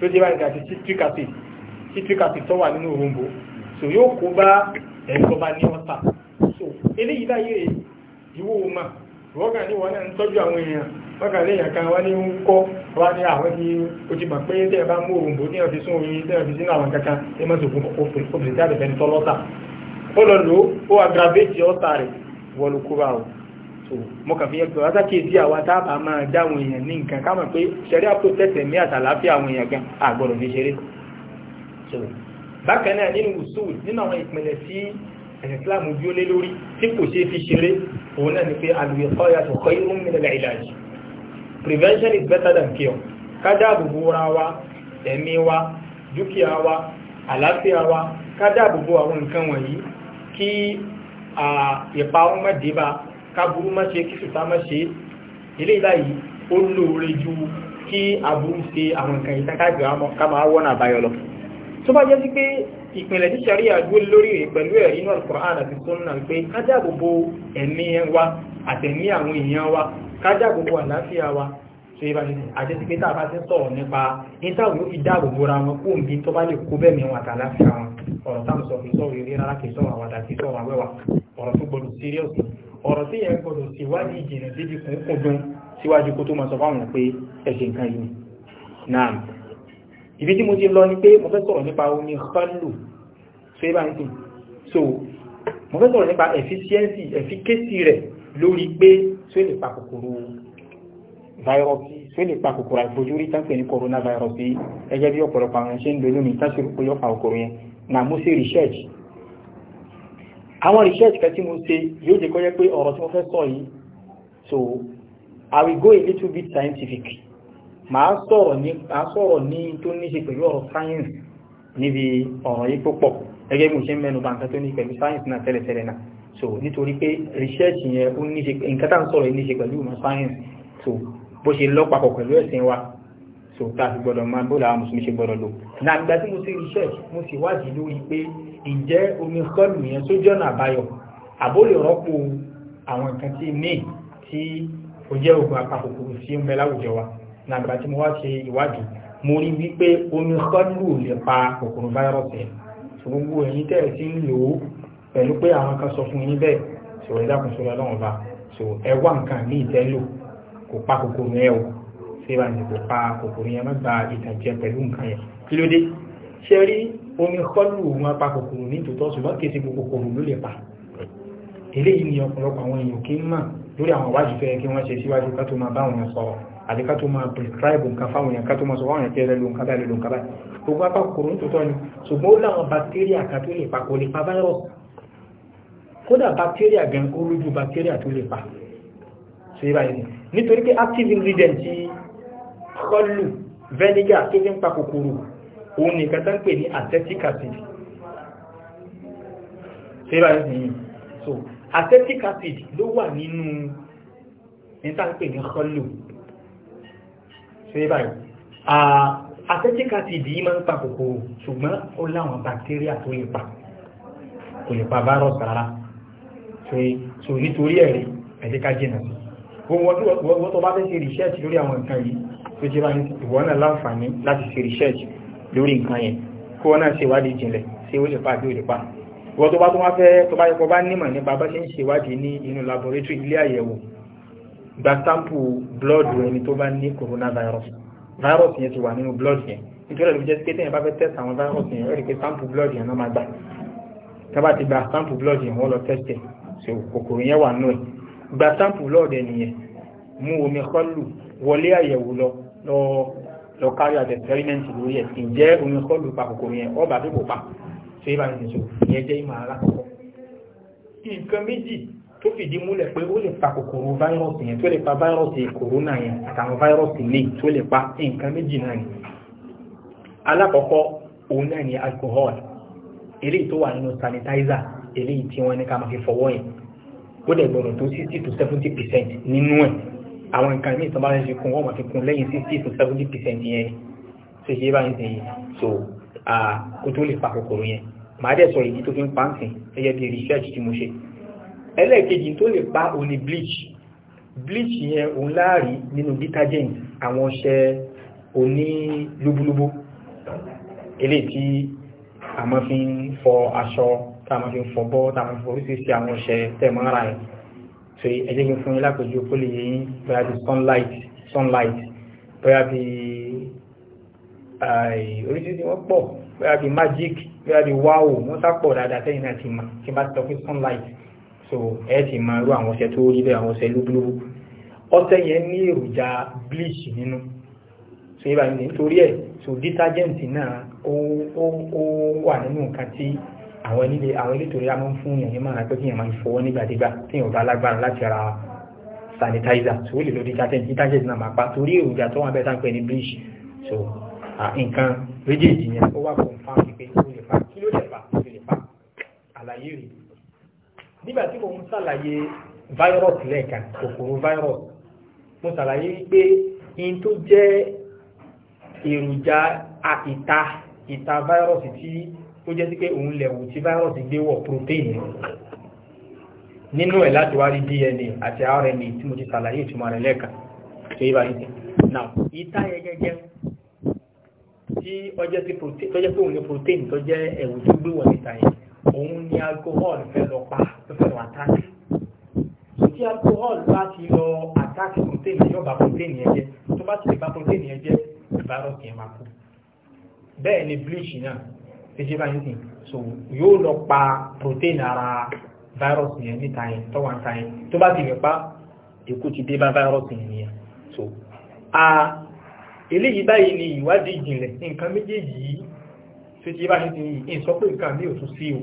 tó jẹ́ báyìí àti citric acid citric acid tó wà nínú òrombo so yóò kó bá ẹ̀ńtọ́ bá ní ọ̀tà so eléyìí láyé ìwò mà wọ́gà ní wọn náà ń tọ́jú àwọn èèyàn wọ́gà léèyàn kan wá ní ń kọ́ wá ní àwọn ní o ti mọ̀ pé tẹ́ ẹ bá mú òrombo ní ọ̀fi sún oyin tẹ́ ẹ sínú àwọn kankan ẹ mọ̀ sókun òfin tí a ní tọ́lọ́tà ó lọ lò ó aggravate ọ̀tà rẹ̀ wọ́n ló mo kàn fi yẹn pẹ̀lú wáṣá kéèsì àwa tábà máa dáwọn èèyàn ní nǹkan ká mọ̀ pé ṣẹ̀rí àpòtẹ́sẹ̀ ní àtàláfíà àwọn èèyàn gan àgbọ̀rọ̀ ní ṣeré bákan náà nínú usul nínú àwọn ìpìlẹ̀ sí ìsìláàmù bí ó lé lórí tí kò ṣe fi ṣeré òun náà ni pé alùyẹ̀kọ́ yàtọ̀ kọ́ irú mílẹ̀ ìlàjì prevention is better than cure ká dáàbòbò ra wa ẹ̀mí wa dúkìá wa àlàáfíà wa ká dáàbòbò àwọn nǹkan wọ̀nyí kí ìparun má dé bá káburú má ṣe kí sùtá má ṣe ilé ìbáyìí ó lóore ju kí aburú ṣe àwọn nǹkan yìí káàkiri ká máa wọ́n lọ tó bá jẹ́ sí pé ìpìnlẹ̀ tí sàríà dúró lórí rẹ̀ pẹ̀lú ẹ̀rí inú quran àti Sunnah pé ká dáàbò bo ẹ̀mí wa àtẹ̀mí àwọn èèyàn wa ká dáàbò bo àlàáfíà wa tó yẹ bá ṣe àti sí pé tá a bá ti sọ̀rọ̀ nípa ìtàwọn yóò fi dáàbò bora ọ̀rọ̀ táwọn sọ fi sọ̀rọ̀ eré rárá kì í sọ̀rọ̀ àwàdà àwẹ́wà ọ̀rọ̀ tó gbọdọ̀ serious ọ̀rọ̀ tí yẹn gbọdọ̀ síwájú ìjìnà síbi kùnkùn dún síwájú kó tó máa sọ fáwọn pé ẹ̀ṣẹ̀ nǹkan yìí náà ibi tí mo ti lọ ni pé mo fẹ́ sọ̀rọ̀ nípa omi kọlù so ibà ń sìn so mo fẹ́ sọ̀rọ̀ nípa efficiency efficacy rẹ̀ lórí pé tí ó lè pa kòkòrò fáírọ́ọ̀sì tí ó lè pa kòkòrò àìfojúrí táǹpẹ̀ ní coronavirus yìí ẹgẹ́ bí ọ̀pọ̀lọpọ̀ àwọn ẹ̀ṣẹ́ ń lo lónìí táṣìrò pé yọ́pa kòkòrò yẹn na mo ṣe research àwọn research kan tí mo ṣe yóò jẹ́ kó pé ọ̀rọ̀ tí mo fẹ́ sọ yìí so I will go a little bit scientific Ma sọ̀rọ̀ ní màá sọ̀rọ̀ ní tó ní ṣe pẹ̀lú ọ̀rọ̀ science níbi ọ̀rọ̀ yìí púpọ̀ gẹ́gẹ́ bí mo ṣe ń mẹ́nu bá nǹkan tó ní pẹ̀lú science náà tẹ́lẹ̀tẹ́lẹ̀ náà so nítorí pé research yẹn ó ní ṣe nǹkan tá à ń sọ̀rọ̀ yìí ní ṣe pẹ̀lú ìmọ̀ science so bó ṣe lọ́pàpọ̀ pẹ̀lú ẹ̀sìn wa so tá a fi gbọ́dọ̀ máa bóòlù àwọn mùsùlùmí ṣe gbọ́dọ̀ lò nàgbà tí mo ṣe research mo sì wádìí lórí pé ǹjẹ́ omi kọlù yẹn tó jọ́nà àbáyọ àbólè rọ́pò àwọn nǹkan tí ní tí ó jẹ́ oògùn apakòkòrò sí ń bẹ láwùjọ wa nàgbà tí mo wá ṣe ìwádìí mo rí wípé omi kọlù ò lè pa kòkòrò fáírọ́ọ̀sì ẹ̀ gbogbo ẹ̀yin tẹ́ ẹ̀ ti ń lò ó pẹ̀lú pé àwọn kan sọ fún yín bẹ́ẹ̀ sọ ẹ̀dá kan sọ lọ́wọ́ bá sọ ẹ̀wá nǹkan ní ìtẹ́lò kò pa kòkòrò ẹ̀ o síra ní kò pa kòkòrò yẹn má gba ìtàjẹ pẹ̀lú nǹkan yẹn kí ló dé ṣe rí omi kọlù wọn pa kòkòrò ní tòótọ́ ṣùgbọ́n kí n ṣe gbogbo kòkòrò ló lè pa eléyìí ni ọ̀pọ̀lọpọ̀ àwọn èèyàn kì í mọ̀ lórí àwọn ìwádìí fẹ́ kí wọ́n ṣe síwájú ká tó máa bá wọn sọ̀rọ̀ àti ká tó máa prescribe nǹkan fáwọn èèyàn ká tó máa sọ wọ́n ẹ̀kẹ́ lẹ́lò nǹkan báyìí lẹ́lò nǹkan báyìí gbogbo apá kòkòrò nítòótọ́ ni ṣùgbọ́n ó láwọn bacteria kan tó lè pa kò lè pa virus kódà bacteria gan ó lójú bacteria tó lè pa ṣe báyìí nítorí pé active ingredient kọlù vẹ́nígà tó fi ń pa kòkòrò òun nìkan tó ń pè ní acetic acid ṣébà ní sí yìí so acetic acid ló wà nínú ní tá ń pè ní kọlù ṣébà yìí acetic acid yìí máa ń pa kòkòrò ṣùgbọ́n ó láwọn bacteria tó lè pa kò lè pa virus rárá so nítorí ẹ̀rí ẹ̀dẹ́ká jìnà sí wọ́n tó bá fẹ́ ṣe research lórí àwọn nǹkan yìí tó jẹ́ bá ìwọ náà láǹfààní láti ṣe research lórí nǹkan yẹn kó wọn náà ṣe ìwádìí jinlẹ̀ ṣé ó lè pa àbí ò lè tó bá tó wá fẹ́ tó bá yẹ bá nímọ̀ nípa bá ṣe ń ṣe ìwádìí ní inú laboratory ilé àyẹ̀wò gba sample blood ẹni tó bá ní coronavirus virus yẹn ti wà nínú blood yẹn nítorí ẹ̀lú jẹ́ pé tẹ́yìn bá fẹ́ test àwọn virus yẹn ẹ̀rí pé sample blood yẹn náà máa gbà tábà ti gba sample blood yẹn wọ́n lọ test ẹ̀ so kòkòrò yẹn wà nù ẹ̀ gba sample blood ẹ̀ nìyẹn mú omi kọ́lù wọlé àyẹ̀wò lọ lọ carry out experiment lórí ẹ̀ ǹjẹ́ omi kọ́ lù pa kòkòrò yẹn ọba tó kò pa tó yẹ bá yẹn sọ ìyẹn jẹ́ ìmọ̀ alákọ̀ọ́kọ́ nǹkan méjì tó fìdí múlẹ̀ pé ó lè pa kòkòrò fáírọ́ọ̀sì yẹn tó lè pa fáírọ́ọ̀sì kòrónà yẹn àtàwọn fáírọ́ọ̀sì míì tó lè pa nǹkan méjì náà ni alákọ̀ọ́kọ́ òun náà ni alcohol eléyìí tó wà nínú sanitizer eléyìí tí wọ́n ní ká máa fi fọwọ́ yẹn ó dẹ̀ gbọ́dọ̀ tó sixty to seventy percent nínú ẹ̀ àwọn nǹkan míì tán bá ń fi kún wọ́n máa fi kún lẹ́yìn sixty to seventy percent yẹn ṣe ṣe báyìí sìn yìí so kó tó lè fa kòkòrò yẹn màá dẹ̀ sọ ìdí tó fi ń pa ń sìn gẹ́gẹ́ bí research tí mo ṣe ẹlẹ́ẹ̀kejì tó lè pa òní bleach bleach yẹn òun láàrí nínú detergent àwọn ọṣẹ oní lúbúlúbú eléyìí tí a máa fi ń fọ aṣọ tá a máa fi ń fọ bọ́ tá a máa fi ń fọ oríṣiríṣi àwọn ọṣẹ tẹ̀ mọ́ ara yẹn so ẹ jẹ́ kí n fún yín lápẹ̀jú kó lè yẹ yín bóyá bí sunlight sunlight bóyá bí oríṣiríṣi wọ́n pọ̀ bóyá bí magic bóyá bí wow wọ́n sá pọ̀ dáadáa sẹ́yìn náà ti mọ̀ kí n bá ti sọ pé sunlight so ẹ ti mọ irú àwọn ọṣẹ tó rí bẹ́ẹ̀ àwọn ọṣẹ lúbúlúbú ọṣẹ yẹn ní èròjà bleach nínú so yẹ báyìí nítorí ẹ̀ so detergent náà ó wà nínú nǹkan tí àwọn ilé àwọn ilé ìtòrí àmọ́ fún yẹn ní màrà pé kí yẹn máa fọwọ́ nígbàdégbà tí yẹn bá lágbára láti ra sanitizer tó lè lo detergent detergent náà máa pa torí èròjà tó wọn bẹ́ẹ̀ tá ń pè ní bleach so nǹkan méjèèjì yẹn ó wà fún fáwọn pé ó lè fa kí ló lè fa ó lè fa àlàyé rẹ̀ nígbà tí mo ń ṣàlàyé virus lẹ́ẹ̀kan kòkòrò virus mo ṣàlàyé wípé in tó jẹ́ èròjà ìta ìta virus tí tó jẹ́ sí pé òun lẹ̀wù tí virus gbé wọ̀ protein nínú ẹ̀ láti wá rí DNA àti RNA tí mo ti ṣàlàyé ìtumọ̀ rẹ̀ lẹ́ẹ̀kan tó yí báyìí now ìta ẹgẹgẹ tí ọjọ́ sí protein tó jẹ́ pé òun ní protein tó jẹ́ ẹ̀wù tó gbé wọ̀ níta yẹn òun ni alcohol fẹ́ lọ pa tó fẹ́ lọ attack tí alcohol bá ti lọ attack protein yóò bà protein yẹn jẹ́ tó bá ti lè bà protein yẹn jẹ́ virus yẹn máa kú bẹ́ẹ̀ ni bleach náà ṣe bá yín sìn so yóò lọ pa protein ara virus yẹn níta yẹn tọ́wọ́n ta yẹn tó bá ti lè pa ikú ti dé bá virus yẹn nìyẹn so a eléyìí báyìí ni ìwádìí ìjìnlẹ̀ nǹkan méjèèjì yìí tó ṣe bá yín sìn yìí ń sọ pé nǹkan mi ò tún sí o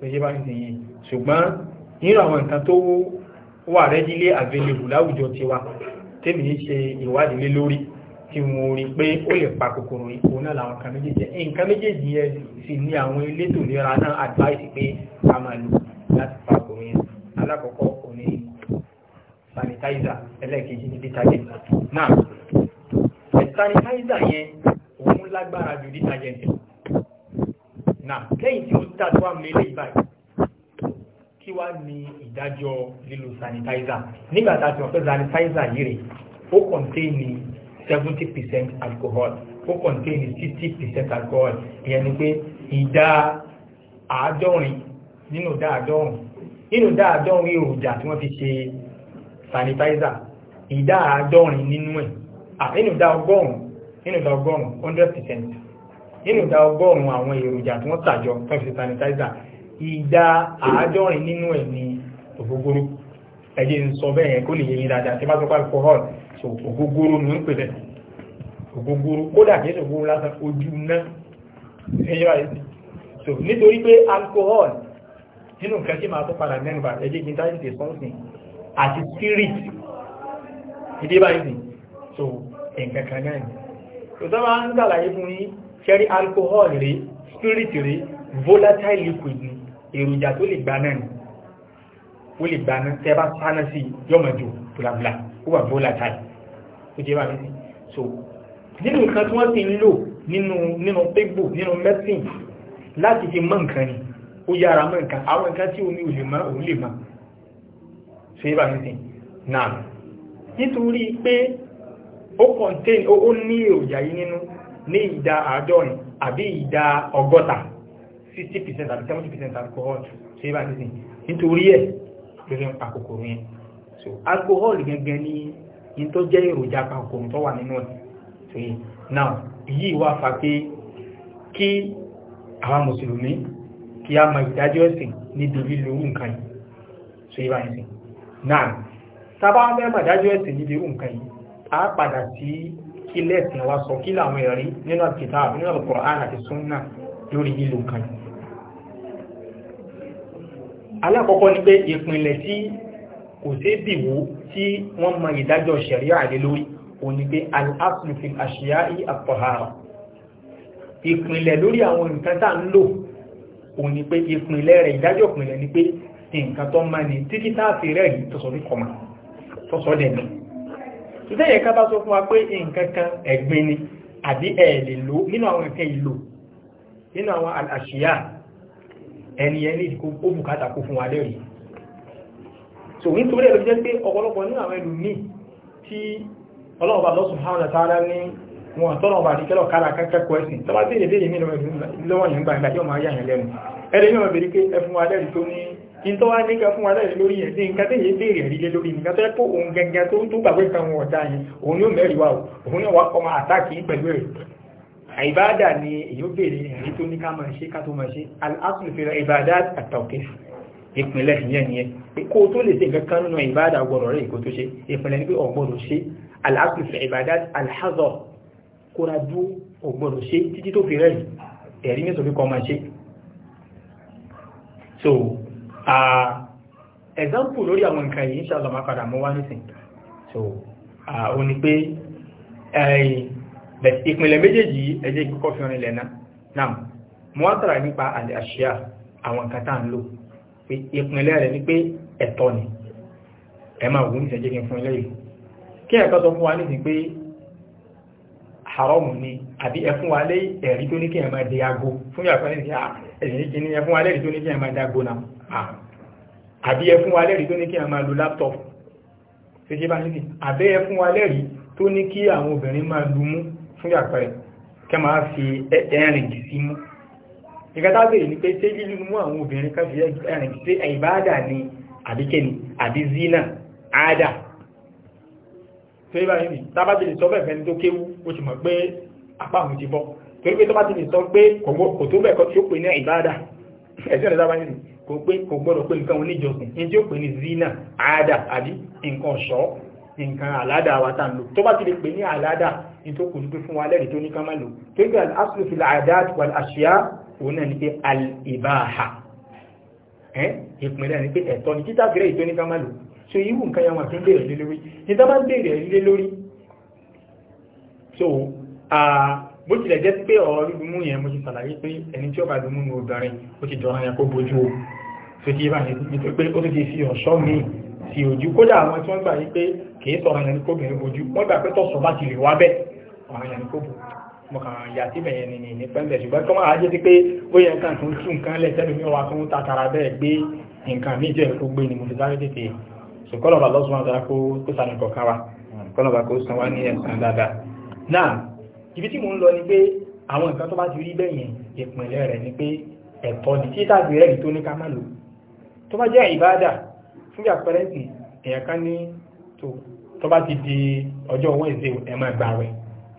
tó ṣe bá yín sìn yìí ṣùgbọ́n nínú àwọn nǹkan tó wà rẹ́dílé available láwùjọ tiwa tèmi ṣe ìwádìí lé lórí tí wọ́n rí pé ó lè pa kòkòrò ìkó náà làwọn kan méjèèjì ẹ̀ nǹkan méjèèjì yẹn sì ní àwọn elétò ìlera náà advice pé a máa lò láti pa kòkòrò yẹn alákọ̀ọ́kọ́ kò ní sanitizer ẹlẹ́ẹ̀kejì ní detergent náà sanitizer yẹn òun lágbára ju detergent náà lẹ́yìn tí ó tàbí wà mí léyìí báyìí kí wá ní ìdájọ́ lílo sanitizer nígbà tá a ti wọ́n fẹ́ sanitizer yìí rè ó kọ̀ǹtéènì seventy percent alcohol ó contain sixty percent alcohol ìyẹn ni pé ìdá àádọ́rin nínú ìdá àádọ́rùn nínú ìdá àádọ́rin èròjà tí wọ́n fi ṣe sanitizer ìdá àádọ́rin nínú ẹ̀ nínú ìdá ọgọ́rùn-ún nínú ìdá ọgọ́rùn-ún hundred percent nínú ìdá ọgọ́rùn-ún àwọn èròjà tí wọ́n tàjọ fún fi ṣe sanitizer ìdá àádọ́rin nínú ẹ̀ ni ògógóró ẹ̀jẹ̀ ń sọ bẹ́ẹ̀ yẹn kó lè yẹ yín dáadáa tí bá tó pa alcohol so ògógóró ni ń pèlẹ̀ ògógóró kódà kìí ṣe ògógóró lásán ojú náà ẹ̀yọ́ àìsí so nítorí pé alcohol nínú nǹkan tí máa tó padà mẹ́rin bá ẹjẹ́ kí n táyé àti spirit ìdí báyìí sí so nǹkan kan náà ni so tó máa ń ṣàlàyé fún yín ṣẹ́rí alcohol rèé spirit rèé volatile liquid ni èròjà tó lè gbaná ni ó lè gbaná tẹ́ bá sáná sí yọmọjò bùlàbùlà ó wà volatile ó jẹ́ báyìí so nínú nǹkan tí wọ́n ti ń lò nínú nínú pébù nínú mẹ́sìn láti fi mọ́ nǹkan ni ó yára mọ́ nǹkan àwọn nǹkan tí omi ò lè mọ́ òun lè mọ́ so yẹ́ báyìí sí náà nítorí pé ó contain ó ní èròjà yìí nínú ní ìdá àádọ́rin àbí ìdá ọgọ́ta 60% àbí 70% alcohol so yẹ́ báyìí sí nítorí ẹ̀ lórí àkókò yẹn so alcohol gẹ́gẹ́ ní in tó jẹ́ èròjà kankan tó wà nínú ẹ̀ tí náà yìí wá fa pé kí àwọn mùsùlùmí kí a mọ ìdájọ́ ẹ̀sìn níbi lílo irú nǹkan yìí tí ìbá ẹ̀sìn náà sábà ń bẹ́ẹ̀ ìdájọ́ ẹ̀sìn níbi nǹkan yìí a padà sí kí lẹ́sìn wa sọ kí làwọn ẹ̀rí nínú Kitab nínú Al-Qur'an àti Sunnah lórí lílo nǹkan yìí alákọ̀ọ́kọ́ ni pé ìpìnlẹ̀ tí kò sí dìwó tí wọ́n mọ ìdájọ́ ṣẹ̀ríà àlè lórí òun ni pé al-aslu fi al-ashiya'i at-tahara ìpìnlẹ̀ lórí àwọn nǹkan tá ń lò òun ni pé ìpìnlẹ̀ rẹ̀ ìdájọ́ ìpìnlẹ̀ ni pé nǹkan tó máa ní títí táàfì rẹ̀ yìí tọ́sọ̀ ní kọmà tọ́sọ̀ dẹ̀mí ṣùgbọ́n yẹ ká bá sọ fún wa pé nǹkan kan ẹ̀gbin ni àbí ẹ̀ẹ̀lè lò nínú àwọn nǹkan ìlò nínú àwọn àṣìyà ẹni ẹni ìdíkó ó bùkátà kó fún wa lẹ́rìí so nítorí ẹ̀lú jẹ́ pé ọ̀pọ̀lọpọ̀ nínú àwọn ẹlù ní tí ọlọ́ọ̀bà lọ́sùn hàn àtàrà ní wọn àtọ́lọ̀bà àdíkẹ́lọ̀ kára kẹ́kẹ́kọ́ ẹ̀sìn tọ́bá tí èdè yìí lọ́wọ́ yìí ń gbà ìgbà yóò máa yà yẹn lẹ́nu ẹ̀rẹ́ yóò bèèrè pé ẹfún wa lẹ́rìí tó ní kí n tọ́ wá ní ká fún wa lẹ́rìí lórí yẹn sí nǹkan tẹ́yẹ béèrè rí lé lórí nǹkan tó yẹ kó òun gẹ́gẹ́ tó ń tó gbàgbé kan wọn ọ̀dá yẹn òun yóò mẹ́rin wa òun yóò wá kọ́ máa àtàkì pẹ̀lú ni èyí ó béèrè rí tó ní ká máa ṣe ká tó máa ṣe al-aslu fil ibadat at-tawqif ìpínlẹ̀ yẹn yẹn kó tó lè ṣe nǹkan kan nínú ìbáàdà gbọ́dọ̀ rẹ̀ kó tó ṣe ìpínlẹ̀ ní pé ọ̀gbọ́dọ̀ ṣe aláàkùnfẹ́ ìbáàdà alhazọ kóra dú ọ̀gbọ́dọ̀ ṣe títí tó fi rẹ̀ ẹ̀rí ní sọ́bí kọ́ ṣe. so example lórí àwọn nǹkan yìí inshallah máa padà mọ́ wá nísìn so ó ní pé ìpínlẹ̀ méjèèjì ẹjẹ́ kíkọ́ fi rìn lẹ̀ náà mo wá tàrà nípa àṣíà àwọn nǹkan ń lò ìpínlẹ̀ rẹ̀ ní pé ẹ̀tọ́ ni ẹ máa wù ní ìṣẹ́jẹ́ kí n fún ilé yìí kí ẹ̀kọ́ sọ fún wa ní sí pé haramu ni àbí ẹ fún wa lé ẹ̀rí tó ní kí ẹ máa di ago fún yàtọ̀ ah, ní sí ẹ̀sìn kí ni ẹ fún wa lẹ́rìí tó ní kí ẹ máa di ago náà ah. àbí ẹ fún wa lẹ́rìí tó ní kí ẹ máa lo laptop ṣeṣe bá ní sí àbí ẹ fún wa lẹ́rìí tó ní kí àwọn obìnrin máa lu mú fún yàtọ̀ rẹ̀ kẹ́ máa fi ẹ̀rìn sí mú ìkàtà bèèrè ní pé ṣé lílù mú àwọn obìnrin kan fi ẹ̀rìn sí ìbáàdà ni àbíkẹ́ni àbí zina àádà tó yíba yìí tábà ti lè sọ bẹ́ẹ̀ fẹ́ni tó kéwú ó ti mọ̀ pé apá àwọn ti bọ́ torí pé tọ́bá ti lè sọ pé kò tó bẹ́ẹ̀ kọ́ tí ó pè ní ìbáàdà ẹ̀sìn ọ̀dọ́ tábà yìí kò pé kò gbọ́dọ̀ pé nǹkan oníjọsìn ní tí ó pè ní zina àádà àbí nǹkan ọ̀ṣọ́ nǹkan àládà wa tá ń lò tó bá ti lè pè ní àládà ní tó kù ní pé fún wa lẹ́rìí tó ní òun náà ni pé al-ibaha ìpínlẹ̀ ni pé ẹ̀tọ́ ni títà gírẹ́ ìtọ́ ní kámàlù so irú nǹkan yàwọn àti ń bèèrè lé lórí ní tá bá ń bèèrè lé lórí so bó tilẹ̀ jẹ́ pé ọ̀rọ̀ lúdúmú yẹn mo ti sàlàyé pé ẹni tí ó bá lúdúmú ní obìnrin ó ti jọra yẹn kó bójú o so ti bá nítorí pé ó ti ti fi ọ̀ṣọ́ mi sí ojú kódà àwọn tí wọ́n gbà yí pé kì í sọ̀rọ̀ yẹn ní kóbìnrin ojú wọ́n gbà pé tọ̀sọ̀ bá ti lè wá bẹ́ẹ̀ ọ̀rọ̀ yẹn ní kóbìnrin mo kàn yà síbẹ̀ yẹn nìyí ní pẹ́ńbẹ̀ ṣùgbọ́n kọ́ máa jẹ́ sí pé ó yẹ nǹkan tó ń tún nǹkan lẹ̀ sẹ́nu mi wà fún tatara bẹ́ẹ̀ gbé nǹkan mi jẹ́ kó gbé ni mo fi sáré tètè ṣùkọ́lọ̀ bá lọ́sùn àtàrà kó kó sànù kọ̀ọ̀kan wa kọ́lọ̀ bá kó san wá ní ẹ̀sán dáadáa. náà ibi tí mò ń lọ ni pé àwọn nǹkan tó bá ti rí bẹ́yẹn ìpìnlẹ̀ rẹ̀ ni pé ẹ̀tọ́ ni tí tàbí rẹ̀ tó ní ká má lò tó bá jẹ́ ìbáàdà fún bí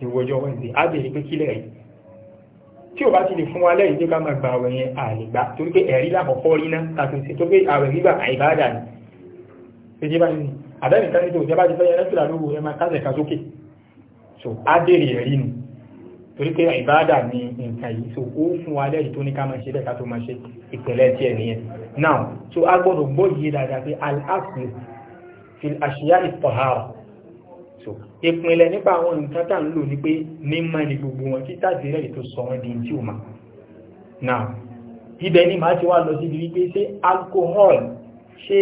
ìwọjọ́ Wednesday á bèèrè pé kílẹ̀ yìí tí ò bá ti lè fún wa lẹ́yìn tó ká máa gba àwẹ̀ yẹn àlègbà torí pé ẹ̀rí lákọ̀ọ́kọ́ rí náà tàbí ṣe tó pé àwẹ̀ gbígbà àìbáàdà ni ṣèjì bá ní àbẹ́ni kan ní tó ìjọba ti fẹ́ yẹn lẹ́sùlà lówó ẹ máa kásẹ̀ ká sókè so á bèèrè fil ashiya al so ìpínlẹ̀ nípa àwọn nǹkan tá ń lò ní pé mímọ̀ ní gbogbo wọn tí tàbílẹ̀ tó sọ wọn di tí ó ma náà ibẹ̀ ni máa ti wá lọ síbi wípé ṣé alcohol ṣé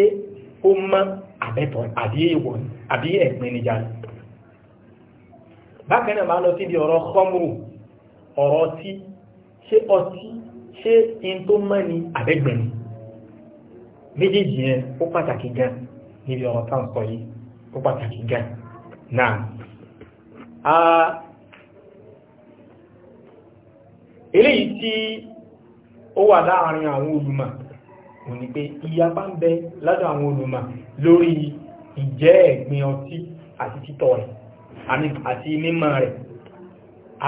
ó mọ́ àbẹ́tọ̀ àbí èèwọ̀ àbí ẹ̀gbin níjà bákan náà máa lọ síbi ọ̀rọ̀ khamru ọ̀rọ̀ ọtí ṣé ọtí ṣé in tó mọ́ ni àbẹ́gbẹ̀ni méjèèjì yẹn ó pàtàkì gan níbi ọ̀rọ̀ táwọn sọ yìí ó pàtàkì gan a eléyìí tí ó wà láàrin àwọn olùmọ̀ ó pé ìyapa ń bẹ lọ́dọ̀ àwọn olùmọ̀ lórí ìjẹ́ ẹ̀gbin ọtí àti títọ́ rẹ̀ àti mímọ́ rẹ̀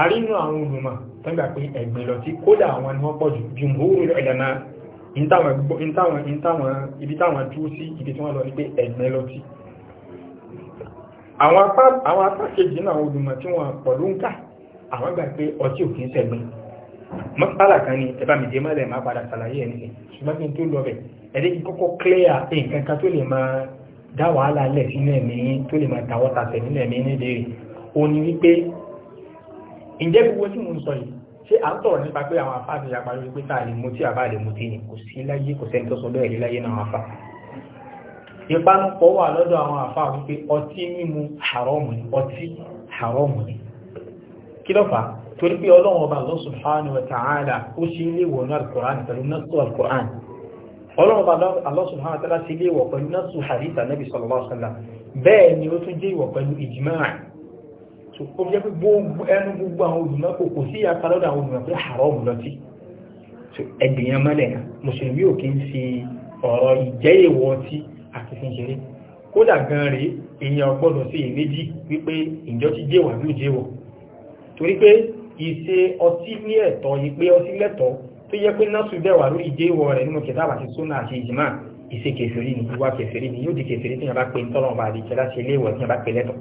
àrínú àwọn olùmọ̀ tó gbà pé ẹ̀gbin lọtí kódà àwọn ni wọ́n pọ̀ jù ibi àwọn apá kejì náà olùmọ̀ tí wọ́n pọ̀lú ń ká àwọn gbà pé ọtí òkín sẹ́gbẹ́ mọ́sálà kan ní ẹbá mi dé mọ́lẹ̀ máa padà sàlàyé ẹni ṣùgbọ́n kí n tó lọ rẹ̀ ẹ̀dẹ́ kí kọ́kọ́ clear nǹkan kan tó lè máa dá wàhálà lẹ̀ sínú ẹ̀mí tó lè máa dáwọ́ tasẹ̀ nínú ẹ̀mí ní ìdèrè ó ní wípé ǹjẹ́ gbogbo tí mo ń sọ yìí ṣé à ń tọ̀rọ̀ nípa pé àwọn afá ti lórí pé táà lè mutí àbá lè mutí ni kò sí láyé kò sẹ́ni tó sọ bẹ́ẹ̀ rí láyé náà afá ìpánupọ̀ wà lọ́dọ̀ àwọn àfáà wípé ọtí mímu haramu ni ọtí haramu ni kí lọ́fà torí pé ọlọ́run ọba Allah subhanahu wa ta'ala ó ṣe ilé ìwọ̀ ní al-Qur'an pẹ̀lú nasu al-Qur'an ọlọ́run ọba Allah subhanahu wa ta'ala ṣe ilé ìwọ̀ pẹ̀lú nasu hadith anabi sallallahu alaihi wasallam bẹ́ẹ̀ ni ó tún jẹ́ ìwọ̀ pẹ̀lú ijma' ó jẹ́ pé gbogbo ẹnu gbogbo àwọn olùmọ̀ kò kò àti fi ń ṣeré kódà gan rèé èèyàn gbọ́dọ̀ sí èméjì wípé ìjọ ti jẹ́wà ló jẹ́wọ̀ torí pé ìṣe ọtí ní ẹ̀tọ́ ìpé ọtí lẹ́tọ̀ọ́ tó yẹ pé náà sùn bẹ́wà lórí ìjẹ́wọ̀ rẹ̀ nínú kẹta àti súnà àti ìjìmá ìṣe kẹfẹ́rí ni ìwà kẹfẹ́rí ni yóò di kẹfẹ́rí tí yẹn bá pe bá di kẹlá ṣe léèwọ̀ tí yẹn bá pe lẹ́tọ̀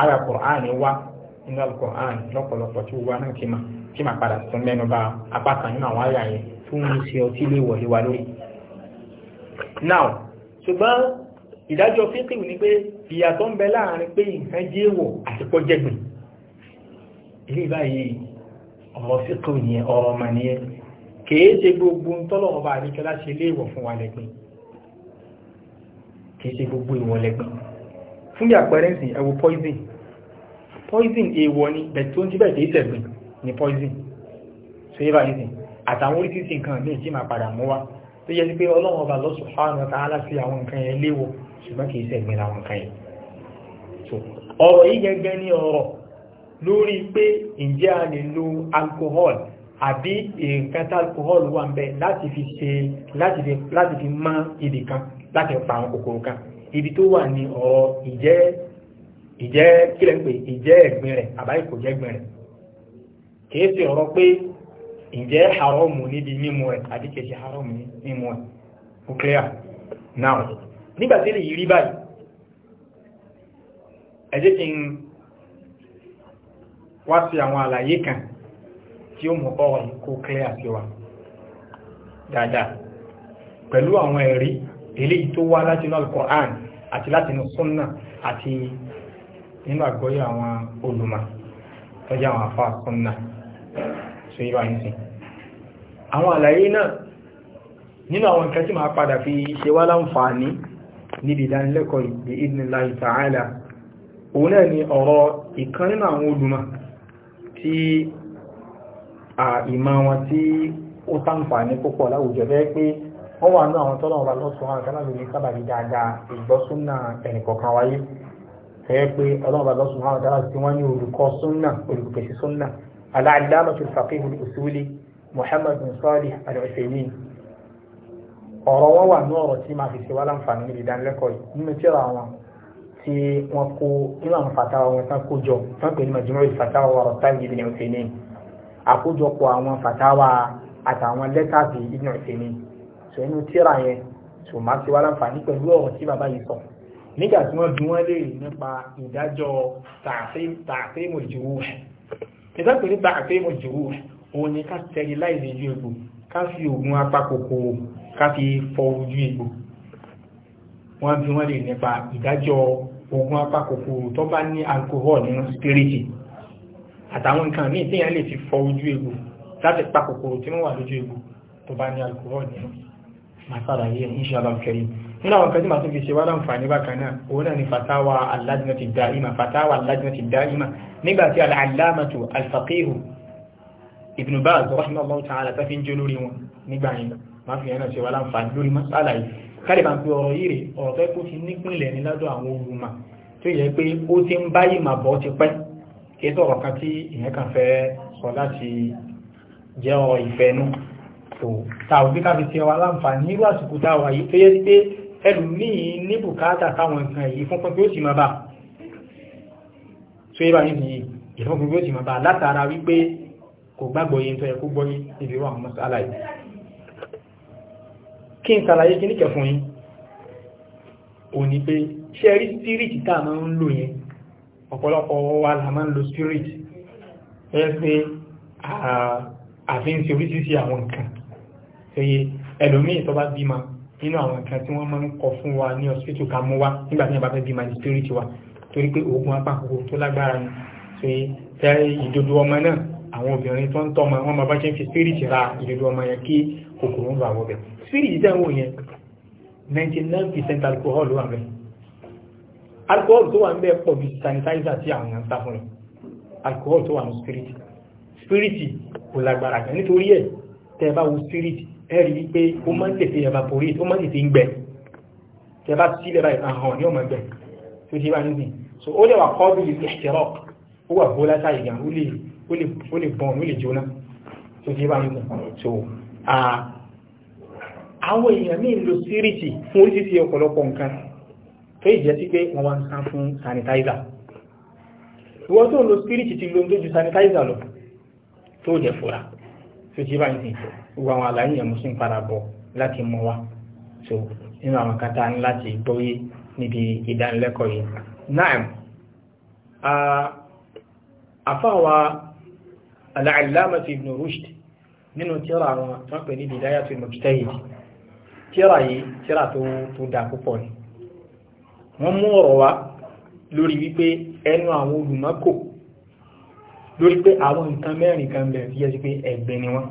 ara Qur'an wá nínú Al-Qur'an lọ́pọ̀lọpọ̀ tí wọ́n náà ti mà padà tún mẹ́nu bá apá kan nínú àwọn àyà yẹn tó ń ṣe ọtí léèwọ̀ léwa lórí now ṣùgbọ́n ìdájọ́ fíkìwù ni pé ìyàtọ̀ ń bẹ láàrin pé nǹkan jẹ́ èèwọ̀ àti kó jẹ́ ẹ̀gbin ilé báyìí ọmọ fíkìwù nìyẹn ọ̀rọ̀ ọmọ nìyẹn kìí ṣe gbogbo tọ́lọ̀ ọba àríkẹ́lá ṣe léèwọ̀ fún wa lẹ́gbin kìí ṣe gbogbo ìwọ̀n lẹ́gbin fún bí àpẹẹrẹ ń ẹwọ poison poison èèwọ̀ ni bẹ̀tí ó ń jíbẹ̀ kìí ṣẹ̀gbin ni poison so yíba yìí sìn àtàwọn oríṣiríṣi nǹkan ní ìjí máa padà mú wa tó yẹ sí pé ọlọ́run ọba Allah subhanahu wa ta'ala fi àwọn nǹkan yẹn léwọ̀ ṣùgbọ́n kì í sẹ̀gbìn àwọn nǹkan yẹn ọ̀rọ̀ yìí gẹ́gẹ́ ní ọ̀rọ̀ lórí pé ǹjẹ́ a lè lo alcohol àbí nǹkan tí alcohol wà ń bẹ láti fi ṣe láti fi mọ́ ibì kan láti pa àwọn kòkòrò kan ibi tó wà ní ọ̀rọ̀ ìjẹ́ ìjẹ́ kílẹ̀ ń àbáyé kò jẹ́ gbin kìí ṣe ọ̀rọ̀ pé ǹjẹ́ haramu níbi mímu ẹ̀ àbí kìí ṣe haramu ẹ̀ ó clear nígbàtí lè yìí rí báyìí ẹ kí n wá sí àwọn àlàyé kan tí ó mú ọ̀rọ̀ kó clear wa dáadáa pẹ̀lú àwọn ẹ̀rí eléyìí tó wá láti inú al àti láti inú àti nínú àgbọ́yé àwọn olùmọ̀ ṣe yíba ń sìn àwọn àlàyé náà nínú àwọn nǹkan tí padà fi ṣe wá láǹfààní níbi ìdánilẹ́kọ̀ọ́ ìgbé idnillahi ta'ala òun náà ni ọ̀rọ̀ ìkan nínú àwọn olùmọ̀ tí a ìmọ̀ wọn tí ó tàǹfààní púpọ̀ láwùjọ bẹ́ẹ̀ pé wọ́n wà ní àwọn tọ́lọ̀ lọ́sùn العلامة الفقيه الأصولي محمد بن صالح العثيمين ọ̀rọ̀ wọn wà ní ọ̀rọ̀ tí màá fi ṣe wá láǹfààní níbi ìdánilẹ́kọ̀ọ́ yìí nínú tíra wọn tí wọ́n kó nínú àwọn fatawa wọn tán kó jọ tán pè ní majumọ́ ìfatawa ọ̀rọ̀ táyì ibn Uthaymeen àkójọpọ̀ àwọn fatawa àtàwọn lẹ́tàbí ibn Uthaymeen sọ inú tíra yẹn sọ máa ṣe wá láǹfààní pẹ̀lú ọ̀rọ̀ tí bàbá yìí sọ nígbà tí wọ́n bí wọ́n léèrè nípa ìdájọ́ ta'qim ta'qimul juruh ìtàkùn ní bá àfẹ́ ìmọ̀ jùrù òun ni ká tẹ́rí láìsí ojú egbò ká fi oògùn apakòkòrò ká fi fọ ojú egbò wọ́n fi wọ́n lè nípa ìdájọ́ oògùn apakòkòrò tó bá ní alcohol nínú spiriti àtàwọn nǹkan míì tí lè fi fọ ojú egbò láti pa tí wọ́n wà lójú egbò tó bá ní alcohol nínú nínú àwọn kan tí màá tún fi ṣe wá láǹfààní bákan náà òun náà ni fatawa alájúmọ̀tì dáìmà fatawa alájúmọ̀tì dáìmà nígbà tí aláàmàtò alfaqihu ibn baz rahimahullahu ta'ala tó fi ń jó lórí wọn nígbà yẹn máa fi yẹn náà ṣe wá láǹfààní lórí masala yìí kálí máa ń pe ọ̀rọ̀ yìí rè ọ̀rọ̀ tó kó ti nípìnlẹ̀ ní lọ́dọ̀ àwọn olùmọ̀ tó yẹ pé ó ti ń bá ìmọ̀ bọ́ ti pẹ́ kan tí ìyẹn kan fẹ́ sọ láti jẹ́ ọ̀rọ̀ ìfẹ́ nù tó ta òbí ká fi ṣe wá láǹfààní irú àsìkò tá a wà yìí tó yẹ pé ẹlòmíì ní bùkátà táwọn nǹkan yìí fún pẹ́ pé ó sì máa bà tó yẹ bá ní ìyí ìfún pẹ́ pé ó sì máa bà látara wípé kò gbàgbọ́ yìí tó yẹ kó gbọ́ yìí níbi irú àwọn mọ́sálà yìí kí n ṣàlàyé kí níkẹ̀ fún yín ò ní pé spirit tá a máa ń lò yẹn ọ̀pọ̀lọpọ̀ wa la máa ń lo spirit ẹ pé àfi ń ṣe oríṣiríṣi àwọn nǹkan ṣe ẹlòmíì tó bá bímọ nínú àwọn nǹkan tí wọ́n máa ń kọ fún wa ní hospital ká mú wa nígbà tí wọ́n bá fẹ́ ní spirit wa torí pé oògùn apakòkò tó lágbára ni ṣe tẹ ìdodo ọmọ náà àwọn obìnrin tó ń tọ́mọ wọn máa bá ṣe ń fi spirit ra ìdodo ọmọ yẹn kí kòkòrò ń bà wọ bẹ̀ spirit jẹ́ òun yẹn ninety nine percent alcohol wà bẹ́ẹ̀ alcohol tó wà ń bẹ́ẹ̀ pọ̀ ju sanitizer tí àwọn èèyàn ń sá fún lọ alcohol tó wà ní spirit spirit kò lágbára gan nítorí ẹ̀ tẹ́ ẹ bá wo spirit ẹ̀rí wípé ó máa ń tètè evaporate ó máa ń tètè ń gbẹ tẹ bá sílẹ̀ báyìí ahàn ní ọmọ gbẹ tó ṣe bá níbi so ó lè wà kọ́ bí lè ṣẹ̀rọ̀ ó wà bó látà ìgbà ó lè ó lè bọ̀n ó lè jóná tó ṣe bá níbi so àwọn èèyàn míì ń lo síríìtì fún oríṣiríṣi ọ̀pọ̀lọpọ̀ nǹkan tó ìjẹ́ sí pé wọ́n wá ń sá fún sanitizer ìwọ́n tó ń lo síríìtì ti lo ń dójú sanitizer lọ tó jẹ́ fura tó ti báyìí sìn gbogbo àwọn àlàyé yẹn mo sì ń padà bọ̀ láti mọ wa so nínú àwọn kan tá a ní láti gbóyè níbi ìdánilẹ́kọ̀ọ́ yìí naam àfáwa al-allamah ibn rushd nínú tíra àwọn tí wọ́n pè ní bidayatul mujtahid tíra yìí tíra tó dá púpọ̀ ni wọ́n mú ọ̀rọ̀ wá lórí wípé ẹnu àwọn olùmọ́kò lórí pé àwọn nǹkan mẹ́rin kan bẹ̀rẹ̀ fi yẹ́ sí pé ẹ̀gbin ni wọ́n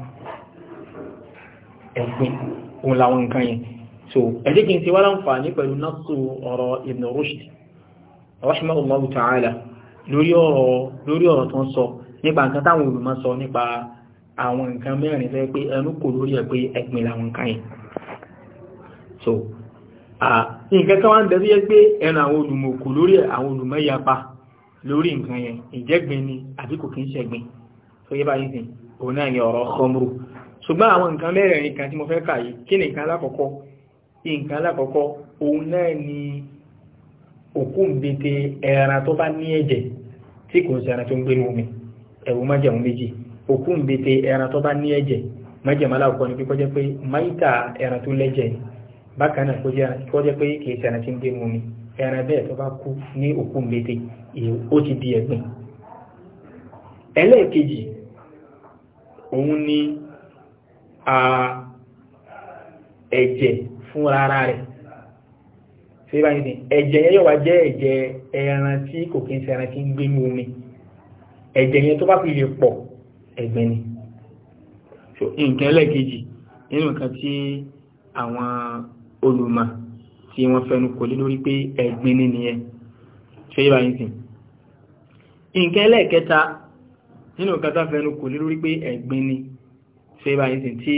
ẹ̀gbin òun làwọn nǹkan yẹn so ẹ̀jẹ́ kí n ti wá láǹfààní pẹ̀lú násù ọ̀rọ̀ Ibn Rushd rahimahullahu ta'ala lórí ọ̀rọ̀ tó ń sọ nípa nǹkan táwọn olùmọ̀ sọ nípa àwọn nǹkan mẹ́rin fẹ́ pé ẹnu kò lórí ẹ̀ pé ẹ̀gbin làwọn nǹkan yẹn so nǹkan kan wá ń bẹ sí yẹ pé ẹnu àwọn olùmọ̀ kò lórí àwọn olùmọ̀ yapa lórí nǹkan yẹn ìjẹ́gbin ni àbí kò kí ń ṣẹ̀gbin tó yẹ báyìí sìn òun náà yẹ ọ̀rọ̀ khamru ṣùgbọ́n àwọn nǹkan mẹ́rẹ̀ẹ̀rin kan tí mo fẹ́ kà yìí kí ni nǹkan alákọ̀ọ́kọ́ nǹkan alákọ̀ọ́kọ́ òun náà ni òkú gbèdé ẹran tó bá ní ẹ̀jẹ̀ tí kò ń ṣẹran tó ń gbé ní omi ẹ̀wù májẹ̀mú méjì òkú gbèdé ẹran tó bá ní ẹ̀jẹ̀ májẹ̀mú alákọ̀ọ́kọ́ ni kó jẹ́ pé máìtà ẹran tó lẹ́jẹ̀ bákan náà kó jẹ́ pé kì í ṣẹran tí ń gbé omi ẹran bẹ́ẹ̀ tó bá kú ní òkú mẹ́tẹ̀ ó ti di ẹ̀gbìn ẹlẹ́ẹ̀kejì òun ni a ẹ̀jẹ̀ fún rárá rẹ̀ ṣe bá ní ẹ̀jẹ̀ yẹn wá jẹ́ ẹ̀jẹ̀ ẹran tí kò kí ń tí ń gbé omi ẹ̀jẹ̀ yẹn tó bá fi lè pọ̀ ni nǹkan ẹlẹ́ẹ̀kejì nínú nǹkan tí tí wọ́n fẹ́nu kò lé lórí pé ẹ̀gbin ní ni ẹ ṣe yíba yìí sìn nǹkan ẹlẹ́ẹ̀kẹta nínú kata fẹ́nu kò lé lórí pé ẹ̀gbin ní ṣe yíba yìí sìn tí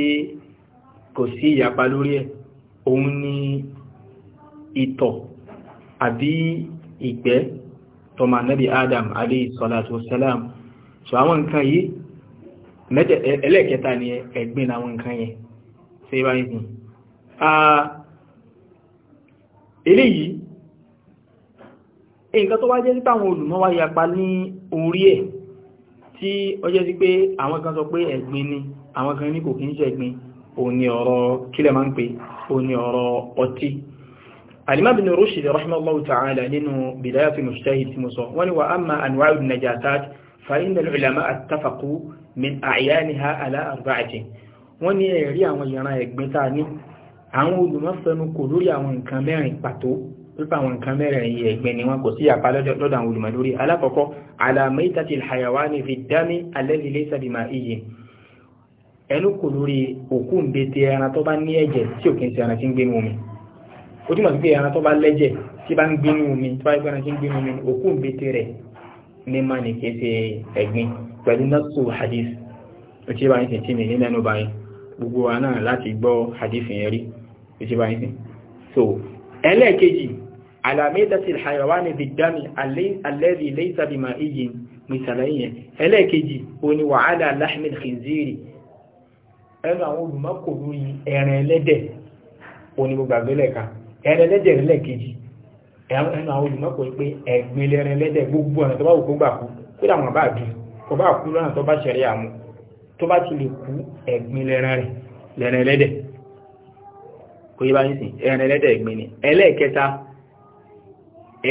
kò sí ìyapa lórí ẹ̀ òun ni ìtọ̀ àbí ìgbẹ́ tọmọ nabi adam alayhi salatu wassalam so àwọn nǹkan yìí ẹlẹ́ẹ̀kẹta ni ẹ̀gbin àwọn nǹkan yẹn ṣe yíba yìí sìn ah, eléyìí nǹkan tó wá jẹ́ sí táwọn olùmọ̀ wá yapa ní orí ẹ̀ tí ó jẹ́ sí pé àwọn kan sọ pé ẹ̀gbin ni àwọn kan ní kò kí ń ṣẹ̀gbin òní ọ̀rọ̀ kílẹ̀ máa ń pè òní ọ̀rọ̀ ọtí Al-Imam Ibn Rushd rahimahullahu ta'ala nínú àwọn olùmọ̀fẹ́nu kò lórí àwọn nǹkan mẹ́rin pàtó pípa àwọn nǹkan mẹ́rin yìí ẹ̀gbẹ́ ni wọn kò sí àpá lọ́dọ̀ àwọn olùmọ̀ lórí alákọ̀ọ́kọ́ alamaitati alhayawani fi dami alladhi laysa bima iye ẹnu kò lórí òkú ń bẹ ti ẹran tó bá ní ẹ̀jẹ̀ tí òkè ti ẹran tí ń gbénu omi ó túmọ̀ sí pé ẹran tó bá lẹ́jẹ̀ tí bá ń gbénu omi tó bá gbénu tí ń gbénu omi òkú ń bẹ ti rẹ̀ ní má ní kí ṣe ẹ̀gbin pẹ̀lú nọ́ọ̀sù hadith ó ti bá ń ṣe tí mi ní mẹ́nu báyìí gbogbo wa náà láti gbọ́ hadith yẹn rí ìṣẹ́báyìí so ẹlẹ́ẹ̀kejì alamẹ́tàtì hayawa ni bidami alẹ́rí lẹ́tàbí ma iye mìsàlẹ́yìn ẹlẹ́ẹ̀kejì o ni wàhálà lahmil khinziri ẹnu àwọn olùmọ́kòrò ẹran ẹlẹ́dẹ̀ o ni gbogbo ẹran ẹlẹ́dẹ̀ lẹ́ẹ̀kejì ẹnu àwọn olùmọ́kòrò pé ẹgbẹ̀lẹ̀ ẹran ẹlẹ́dẹ̀ gbogbo ọ̀nà tó bá wù kó gbà kú kódà wọn bá bí kò bá kú lọ́nà tó bá ṣẹ̀rí àmú tó bá ti lè kú ẹgbẹ̀lẹ̀ ẹran ẹlẹ́dẹ̀ kò yí bá ní sìn ẹran ẹlẹ́dẹ̀ ìgbín ni ẹlẹ́ẹ̀kẹta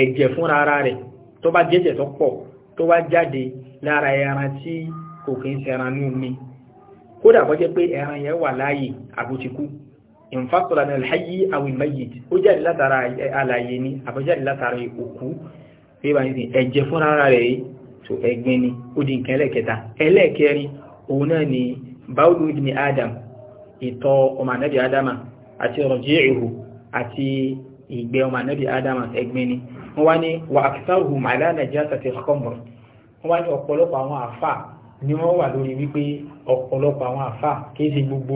ẹ̀jẹ̀ fúnra ara rẹ̀ tó bá jẹ́jẹ̀ tó pọ̀ tó wá jáde lára ẹran tí kò kí ń sẹran ní omi kódà kó jẹ́ pé ẹran yẹn wà láàyè àbótikú ìfàsọ̀rọ̀ ní alhayi awil mayyit ó jáde látara alàyè ni àbójáde látara òkú kò yí bá ní sìn ẹ̀jẹ̀ fúnra ara rẹ̀ tó ẹ̀gbin ni ó di nǹkan ẹlẹ́ẹ̀kẹta ẹlẹ́ẹ̀kẹrin òun náà ni báwo ló Adam ìtọ̀ ọmọ ànábì Adama àti rọ̀jí'ìhù àti ìgbẹ́ ọmọ anábì adama ẹgbẹ́ ni wọ́n wá ní wà àkísàrùhù màálà najasati al-khamr wọ́n wá ní ọ̀pọ̀lọpọ̀ àwọn àfà ni wọ́n wà lórí wípé ọ̀pọ̀lọpọ̀ àwọn àfà kìí gbogbo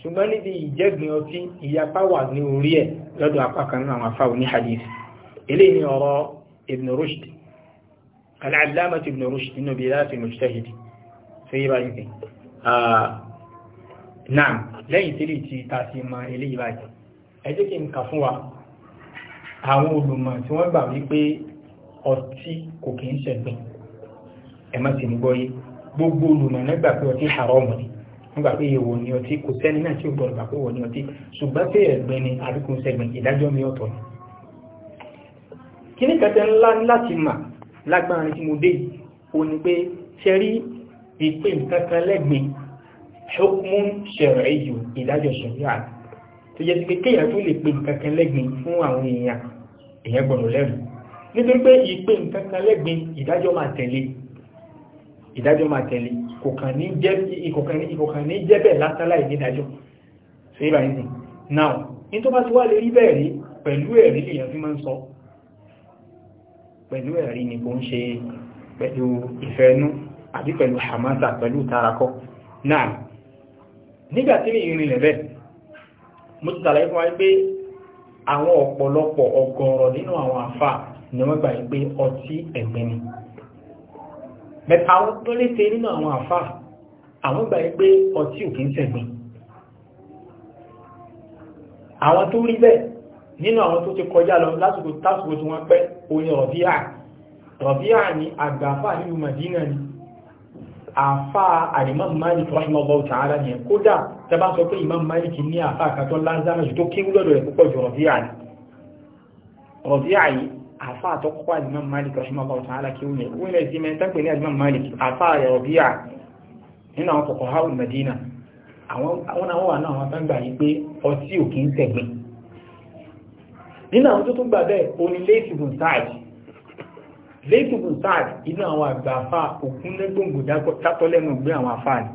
ṣùgbọ́n níbi ìjẹ́gbìn ọtí ìyapa wà ní orí ẹ̀ lọ́dọ̀ apá kan náà àwọn àfà òní hadith eléyìí ni ọ̀rọ̀ ibn rushd al-allama ibn rushd nínú bidayat al-mujtahid ṣe yí báyìí náà lẹ́yìn tí lè ti ta sí ma eléyìí báyìí ẹ jẹ́ kí n kà fún wa àwọn olùmọ̀ tí wọ́n gbà wípé ọtí kò kí ń ṣẹ̀gbìn ẹ má sì ń gbọ́ yé gbogbo olùmọ̀ náà gbà pé ọtí haramu ni nígbà pé èèwọ̀ ni ọtí kò sẹ́ni náà tí ó gbọ́dọ̀ gbà pé wọ̀ ni ọtí ṣùgbọ́n pé ẹ̀gbin ni àbíkú sẹ́gbìn ìdájọ́ mi ọ̀tọ̀ ni kíní kẹtẹ ńlá láti mà lágbára tí mo dé o ní pé ṣẹ́rí ìpé nǹkankan lẹ́gbìn hukmun shar'iyyu ìdájọ́ ṣẹ̀ríà tó jẹ́ sí pé kéèyàn tó lè pè nǹkankan lẹ́gbìn fún àwọn èèyàn èèyàn gbọ́dọ̀ lẹ́rù nítorí pé ìpé nǹkankan lẹ́gbìn ìdájọ́ máa tẹ̀lé ìdájọ́ máa tẹ̀lé ìkọ̀kan ní jẹ́bẹ̀ látàláì nídájọ́ so ìbáyìí now ní tó bá ti wá lè rí bẹ́ẹ̀ rí pẹ̀lú ẹ̀rí lèèyàn fi máa ń sọ pẹ̀lú ẹ̀rí ni kò ń ṣe pẹ̀lú ìfẹ́nú àbí pẹ̀lú hamasa pẹ̀lú tarakọ́ náà nígbàtí ní ìrìn lẹ̀bẹ̀ mo ti tàlàyé fún wa pé àwọn ọ̀pọ̀lọpọ̀ ọgọ́rọ̀ nínú àwọn àfà ni wọ́n gbà pé ọtí ẹ̀gbẹ́ ni bẹ̀tà àwọn tó léṣe nínú àwọn àfà àwọn gbà pé ọtí òkè ń ṣẹ̀gbìn àwọn tó rí bẹ́ẹ̀ nínú àwọn tó ti kọjá lọ lásìkò tásìkò tí wọ́n pẹ́ oyin rọ̀bíà rọ̀bíà ni àgbàfà nílùú Madina ni àfà àrímọ́ Malik rahimahullah ta'ala ni kódà tẹbá sọ pé Imam Malik ní àfà àkàtọ́ lázàmà jù tó kéwú lọ́dọ̀ rẹ̀ púpọ̀ jù rọ̀bíà ni rọ̀bíà yìí àfà àtọ́kọ́ àrímọ́ Malik rahimahullah ta'ala kéwú Madina àwọn àwọn àwọn àtàgbà yìí pé nínú àwọn tó tún gbà bẹ́ẹ̀ o ni lẹ́ẹ̀tùbùn sáàdì lẹ́ẹ̀tùbùn sáàdì inú àwọn àgbàfà òkun lẹ́gbòǹgbò dátọ́lẹ́nu gbé àwọn afáàní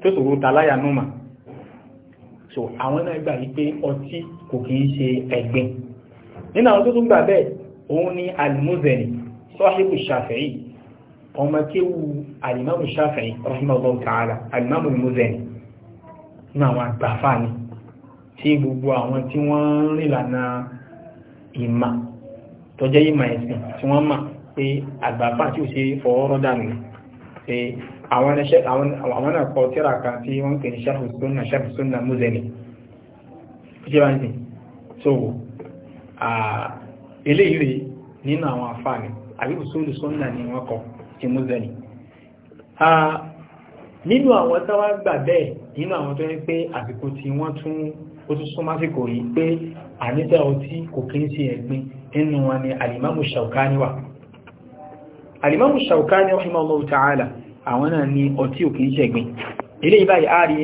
tó sòro tàláyà númà so àwọn náà gbà wípé ọtí kò kì í ṣe ẹ̀gbin nínú àwọn tó tún gbà bẹ́ẹ̀ òun ni alimuzeni sọ́hìbù ṣàfẹ́yì ọmọ alimamu ṣàfẹ́yì rahimahullah tí gbogbo àwọn tí wọ́n rìn lànà ìmà tó jẹ́ ìmà ẹ̀sìn tí wọ́n mà pé àgbàfà tí ò ṣe fọwọ́rọ́ dànù pé àwọn náà kọ tíra kan tí wọ́n kì í ṣàfù súnà ṣàfù súnà múzẹ̀lì ṣé wá ní so eléyìí rèé nínú àwọn àfààní àbí òṣèlú súnà ni wọ́n kọ ti múzẹ̀lì nínú àwọn táwa gbà bẹ́ẹ̀ nínú àwọn tó ń pé àsìkò tí wọ́n tún ó tún súnmọ́ sí kò rí pé àníṣe ọtí kò kí ń ṣe ẹ̀gbin nínú wọn ni alimamu shaukani wà alimamu shaukani rahimahullahu ta'ala àwọn náà ni ọtí ò kí ń ṣe ẹ̀gbin ilé ìbáyìí ààrí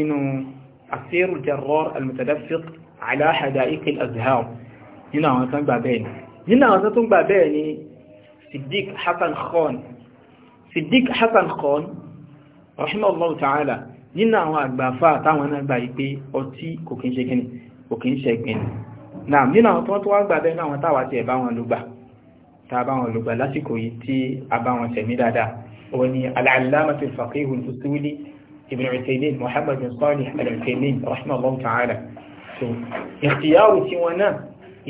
nínú àwọn àgbàfà táwọn náà gbà yí pé ọtí kò kí ń ṣe kíni kò kí ń ṣe gbìn náà nínú àwọn tó wọ́n tó wá gbà bẹ́ẹ̀ náà táwa ti ẹ̀ bá wọn lùgbà tá a bá wọn lùgbà lásìkò yìí tí a bá wọn sẹ̀mí dáadáa òun ni al-allamatu al-faqihu al-usuli ibn Uthaymin Muhammad bin ta'ala so ìkìyàwó tí wọn náà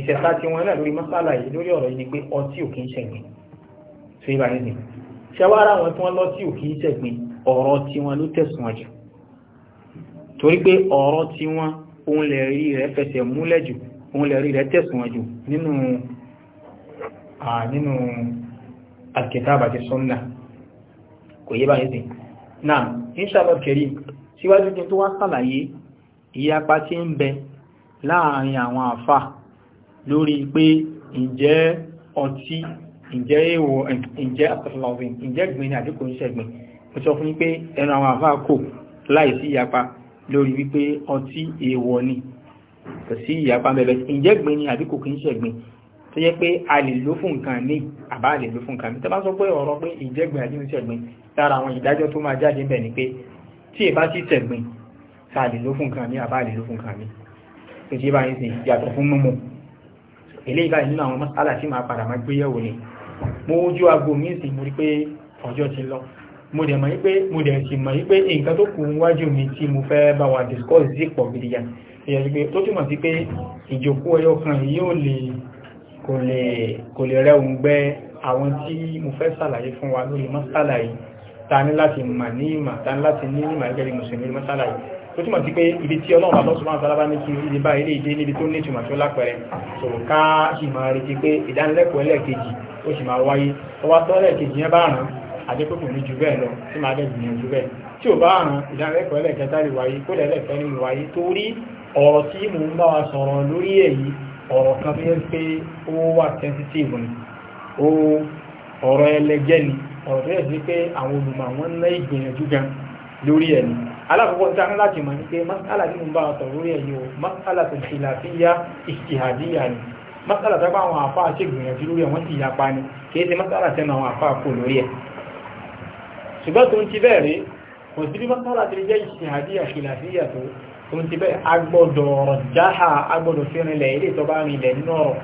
ìṣẹ̀ta tí wọn náà lórí masala yìí lórí ọ̀rọ̀ yìí ni pé ọtí ò kí ń ṣẹ̀gbìn so ibà nìyí ṣẹwàá ara wọn tí wọn lọ tí ò kí ń ṣẹ̀gbìn ọ̀rọ̀ tí wọn ló tẹ̀sùn wọn torí pé ọ̀rọ̀ tí wọ́n òun lè rí rẹ̀ fẹsẹ̀ múlẹ̀ jù òun lè rí rẹ̀ tẹ̀sùn jù nínú nínú alkitaba àti kò yé báyìí sí náà inshallah karim síwájú kí n tó wá sàlàyé ìyapa tí ń bẹ láàrin àwọn àfà lórí pé ǹjẹ́ ọtí ǹjẹ́ èèwọ̀ ǹjẹ́ àtàlọ́wìn ǹjẹ́ gbìn ní àdíkò iṣẹ́ gbìn mo sọ pé ẹnu àwọn àfà kò láìsí ìyapa lórí wípé ọtí èèwọ̀ ni kò sí ìyapa bẹ̀bẹ̀ ìjẹ́gbin ni àbí kò kí ń ṣẹ̀gbin tó jẹ́ pé a lè lò fún nǹkan ní àbá lè lò fún nǹkan mi tó bá sọ pé ọ̀rọ̀ pé ìjẹ́gbin àbí ìṣẹ̀gbin lára àwọn ìdájọ́ tó máa jáde ń bẹ̀ ni pé tí èbá sí ṣẹ̀gbin ta lè lò fún nǹkan mi àbá lè lò fún nǹkan mi tó ṣe bá ń sìn yàtọ̀ fún mímu eléyìí báyìí nínú àwọn mọ́sálà tí máa padà máa gbéyẹ̀wò ni mo ojú aago mi sì mo mo dẹ̀ mọ̀ wípé mo dẹ̀ sì mọ̀ wípé nǹkan tó kù wájú mi tí mo fẹ́ bá wa discuss sí pọ̀ gidigan èyàn sí pé tó túmọ̀ sí pé ìjókòó ẹyọ kan yóò lè kò lè rẹ òun gbẹ àwọn tí mo fẹ́ ṣàlàyé fún wa lórí mọ́sálà yìí ta ní láti mà ní ìmà ta ní láti ní ìmà gẹ́gẹ́ mùsùlùmí lórí mọ́sálà yìí tó túmọ̀ sí pé ibi tí ọlọ́run bá lọ́sùn máa sálábá ní kí ibi bá ilé ìdé níbi tó ní ìtumọ̀ tó lápẹẹrẹ sọ̀rọ̀ ká sì máa retí pé ìdánilẹ́kọ̀ọ́ ẹlẹ́ẹ̀kejì ó sì máa wáyé ọwá tọ́lẹ̀ kejì yẹn bá rán àdékòkò ní jù bẹ́ẹ̀ lọ tí máa dẹ̀ gbìyànjú bẹ́ẹ̀ tí ò bá àrùn ìdánilẹ́kọ̀ọ́ ẹlẹ́kẹta lè wáyé kó lẹ́lẹ́kẹ́ nínú wáyé torí ọ̀rọ̀ tí mò ń bá wa sọ̀rọ̀ lórí èyí ọ̀rọ̀ kan fi ń pé ó wà sensitive ni ó ọ̀rọ̀ ẹlẹgẹ́ ni ọ̀rọ̀ tó yẹ sí pé àwọn olùmọ̀ àwọn ń ná ìgbìyànjú gan lórí ẹni alákọ̀ọ́kọ́ tí a ní láti mọ̀ ní tí mo bá àwọn àfáà kò lórí ẹ̀ ṣùgbọ́n tó ń ti bẹ́ẹ̀ rí kò sí bí mọ́sálà ti jẹ́ ìṣìhàdíyà kìlàfíyà tó tó ń ti bẹ́ẹ̀ agbọ́dọ̀ jáhà agbọ́dọ̀ fẹ́rinlẹ̀ ilé tó bá rinlẹ̀ nínú ọ̀rọ̀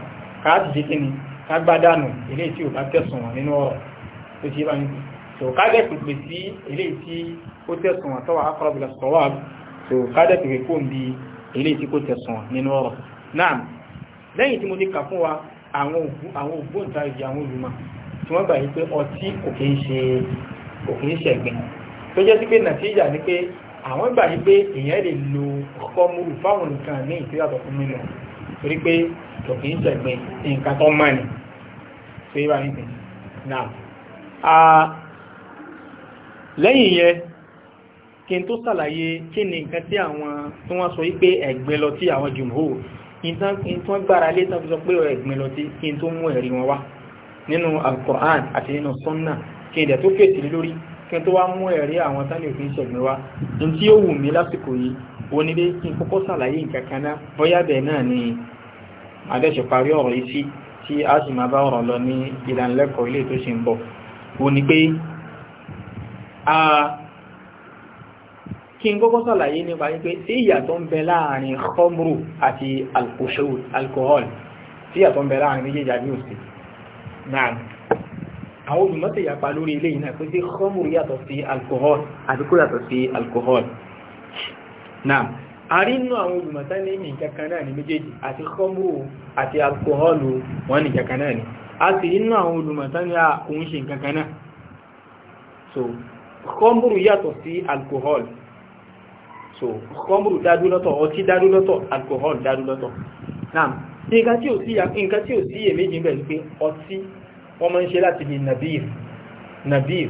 káàtì ṣe kí ni kágbádànù ilé tí ò bá tẹ̀sùn wọn nínú ọ̀rọ̀ tó ṣe bá ń gbé so kájẹ̀ pèpè sí ilé tí ó tẹ̀sùn wọn tọ́wọ́ àwọn ògbóǹtarìgì àwọn olùmọ̀ tí wọ́n gbà yí pé ọtí kò kí ń ṣe kò kì í ṣẹ̀gbìn tó jẹ́ sí pé nàtíjà ni pé àwọn ìgbà yí pé èèyàn lè lo ọkọ̀ múrù fáwọn nǹkan ní ìtìyàtọ̀ fún mímu torí pé kò kì í ṣẹ̀gbìn nǹkan tó mọ̀ ní tó yẹ bá ní sìn náà lẹ́yìn yẹn kí n tó sàlàyé kí ni nǹkan tí àwọn tí wọ́n sọ wípé ẹ̀gbẹ́ lọ tí àwọn jùmọ̀ ìtàn gbára lé tán sọ pé ẹ̀gbẹ́ lọ tí kí n tó mú ẹ̀rí wọn wá nínú al àti nínú Sunnah kí n dẹ̀ tó fèsì lórí kí n tó wá mú ẹ̀rí àwọn tánì òfin ṣẹ̀gbìn wa n tí ó wù mí lásìkò yìí onílé kí n kọ́kọ́ ṣàlàyé nǹkan kan náà bóyá bẹ́ẹ̀ náà ni adẹ́sẹ̀ parí ọ̀rọ̀ yìí sí tí a sì máa bá ọ̀rọ̀ lọ ní ìdánilẹ́kọ̀ọ́ ilé tó ṣe ń bọ̀ ó ní pé kí n kọ́kọ́ ṣàlàyé nípa wípé sí ìyàtọ̀ ń bẹ láàrin khomru àti alkohol sí ìyàtọ̀ ń bẹ láàrin méjèèjì àbí òsì náà àwọn olùmọ́tẹ̀ yapa lórí ilé yìí náà pé sí khamru yàtọ̀ sí alcohol àti kó yàtọ̀ sí alcohol náà a rí inú àwọn olùmọ̀tá ní ìkankan náà ní méjèèjì àti khamru àti alcohol wọn ní ìkankan náà ni a sì inú àwọn olùmọ̀tá ní àkóhun ṣe ìkankan náà so khamru yàtọ̀ sí alcohol so khamru dádú lọ́tọ̀ ọtí dádú lọ́tọ̀ alcohol dádú lọ́tọ̀ náà nǹkan tí ò sí iyèméjì bẹ̀ ni pé ọtí wọ́n máa ń ṣe láti bí nabir nabir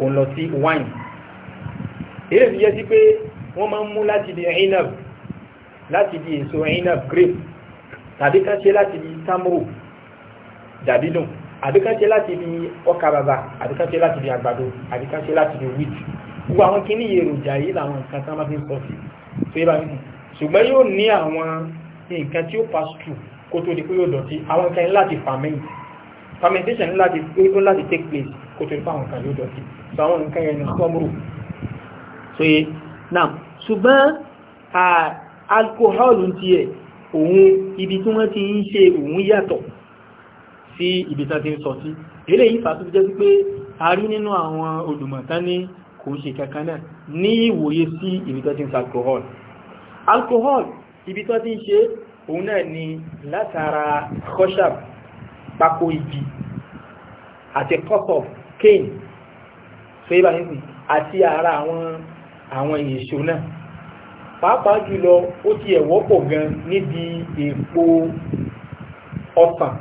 òun lọ sí wine eré fi jẹ́ sí pé wọ́n máa ń mú láti bí inab láti bí èso inab grape tàbí ká ṣe láti bí tamro dàbídùn àbí ká ṣe láti bí ọkà bàbà àbí ká ṣe láti bí àgbàdo àbí ká ṣe láti bí wheat gbogbo àwọn kìíní èròjà yìí làwọn nǹkan tí wọ́n máa fi ń sọ sí tó yẹ bá nínú ṣùgbọ́n yóò ní àwọn nǹkan tí ó pass through kó tó di pé yóò dọ̀tí àwọn nǹkan láti ferment fermentation ńlá ti ó láti take place kó tó fáwọn nǹkan yóò dọ̀tí so àwọn nǹkan yẹn ní sọ́mùrù so yé now ṣùgbọ́n alcohol ti ẹ̀ òun ibi tí wọ́n ti ń ṣe òun yàtọ̀ sí ibi tán ti ń sọ sí eléyìí fà tó jẹ́ sí pé a rí nínú àwọn olùmọ̀tán ní kò ṣe kankan náà ní ìwòye sí ibi tán ti ń sa alcohol alcohol ibi tán ti ń ṣe òun náà ni látara khoshab pákó igi àti cup of cane so yíba nígbì àti ara àwọn àwọn èso náà pàápàá jùlọ ó ti ẹ̀wọ́ pọ̀ gan níbi èpo ọ̀sán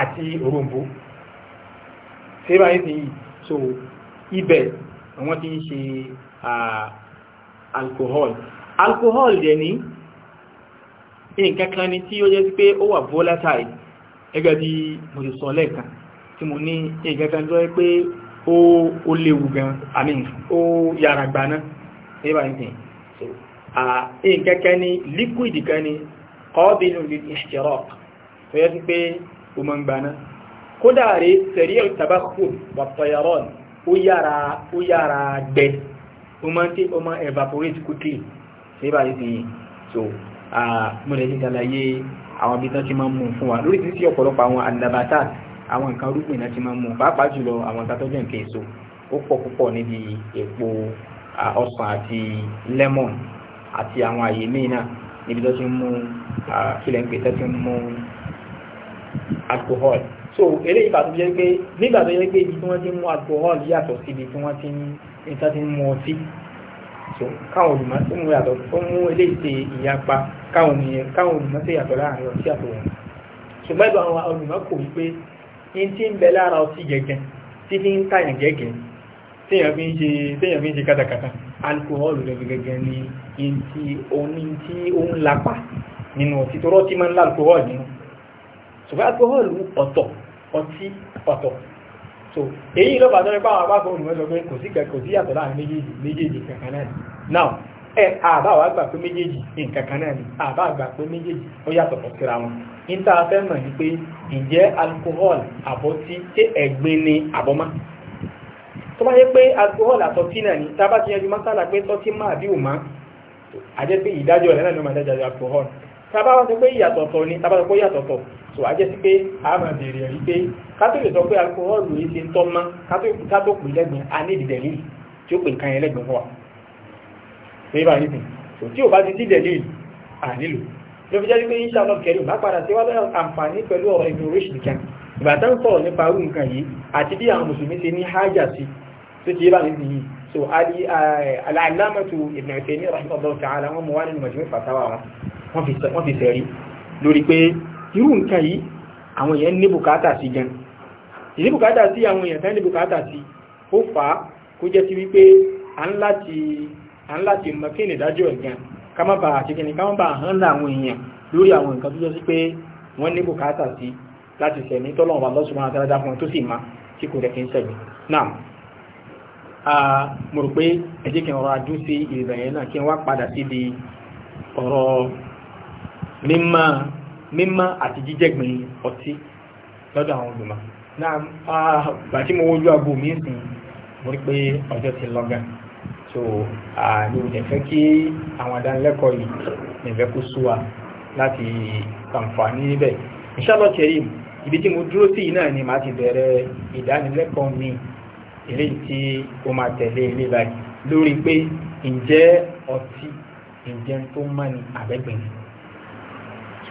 àti òròǹbó so yíba nígbì so ibẹ̀ wọ́n ti ń ṣe alcohol alcohol dẹ̀ ní nǹkan kan ni tí ó jẹ́ pé ó wà volatile gẹ́gẹ́ bí mo ti sọ lẹ́ẹ̀kan tí mo ní ìgẹ́gẹ́ jọ pé ó léwu gan àmì ó yára gbaná nígbà nìkan so ìkẹ́kẹ́ ni liquid kan ni qabilu lil ihtiraq tó yẹ sí pé ó mọ́ ń gbaná kódà rí sẹ̀rí tabakhur wà tayaran ó yára ó yára mo lè ṣe ṣàlàyé àwọn ibi tán ti máa ń mú fún wa lórí títí ọ̀pọ̀lọpọ̀ àwọn àdàbàtà àwọn nǹkan rúgbìn náà ti máa ń mú pàápàá jùlọ àwọn nǹkan tó jẹ́ nǹkan èso ó pọ̀ púpọ̀ níbi èpo ọsàn àti lemon àti àwọn àyè míì náà níbi tó ti ń mú kílẹ̀ ń pè tó ti ń mú alcohol so eléyìí bá tó jẹ́ pé nígbà tó jẹ́ pé ibi tí wọ́n ti mú alcohol yàtọ̀ sí ibi tí wọ́n ti ń mú ọtí tó káwọn olùmọ̀ tó mú yàtọ̀ tó mú eléyìí ìyapa káwọn olùmọ̀ ṣe yàtọ̀ láàrin ọtí àtọ̀ ṣùgbọ́n ìgbà àwọn olùmọ̀ kò wípé ní tí ń bẹ lára ọtí gẹ́gẹ́ tí fi ń tàyàn gẹ́gẹ́ téèyàn fi ń ṣe kátàkátà alukóhólù rẹ̀ gẹ́gẹ́ ni ní tí ó ń lapa nínú ọtí tó rọ́ọ̀tí máa ń lá alukóhólù nínú ṣùgbọ́n alukóhólù ọ̀tọ̀ ọtí ọ̀tọ̀ so èyí ló bàtọ́ rẹ báwọn abáfọ́ olùmọ̀ sọ pé kò sí kò sí yàtọ̀ láàrin méjèèjì méjèèjì kankan náà ni now ẹ àbá wa pé méjèèjì nǹkankan náà ni àbá gbà pé méjèèjì ó síra wọn níta ni pé ǹjẹ́ alcohol àbọ̀tí ṣé ẹ̀gbin ni àbọ̀má tó bá yẹ pé alcohol àtọ̀tí náà ni tábà ti yanjú mọ́sálà pé tọ́tí máa bí ò má pé ìdájọ́ rẹ̀ náà ni máa dájọ́ kátólì sọ pé alukóhólù yìí ti ń tọ́ mọ́ kátó pè lẹ́gbẹ̀ẹ́ a ní ìdìdẹ̀lì tí ó pè nǹkan yẹn lẹ́gbẹ̀ẹ́ fún wa pé bá yìí kò tí ò bá ti dídẹ̀lì à nílò ló fi jẹ́ pé yín ṣàlọ́ kẹlù má padà sí wàlẹ́ àǹfààní pẹ̀lú ọ̀rọ̀ ìgbìn oríṣìí kan ìgbà tá ń sọ̀rọ̀ nípa irú nǹkan yìí àti bí àwọn mùsùlùmí ti ní hájà sí tó ti bá níbi yìí so aláàlámọ̀tò eh, Ibn Uthaymeen rahimahullah ta'ala wọn mú wá nínú mọ̀jú fàtàwà wọn fi sẹ̀rí lórí pé irú nǹkan yìí àwọn èèyàn ní bùkátà sí gan ìní bùkátà sí àwọn èèyàn tán ní bùkátà sí ó fà á kó jẹ́ sí wípé à ń láti à ń láti mọ kí nìdájọ́ ẹ̀gàn ká má bàa àti kìnnì ká má bàa hàn ní àwọn èèyàn lórí àwọn nǹkan tó jẹ́ sí pé wọ́n ní bùkátà sí láti sẹ̀mí tọ́lọ́run bá lọ́dọ̀ àwọn olùmọ̀ náà ah, bá tí mo wojú aago mi sìn mo pé ọjọ́ ti lọ́gà so ah, mi ò dẹ̀fẹ́ kí àwọn adánilẹ́kọ̀ọ́ yìí nìfẹ́ kó sú wa láti ṣàǹfààní níbẹ̀ inshallah kerim ibi tí mo dúró sí yìí náà ni màá ti bẹ̀rẹ̀ ìdánilẹ́kọ̀ọ́ mi eléyìí tí ó máa tẹ̀lé ilé báyìí lórí pé ǹjẹ́ ọtí ǹjẹ́ tó mọ́ni àbẹ́gbẹ̀rẹ̀ so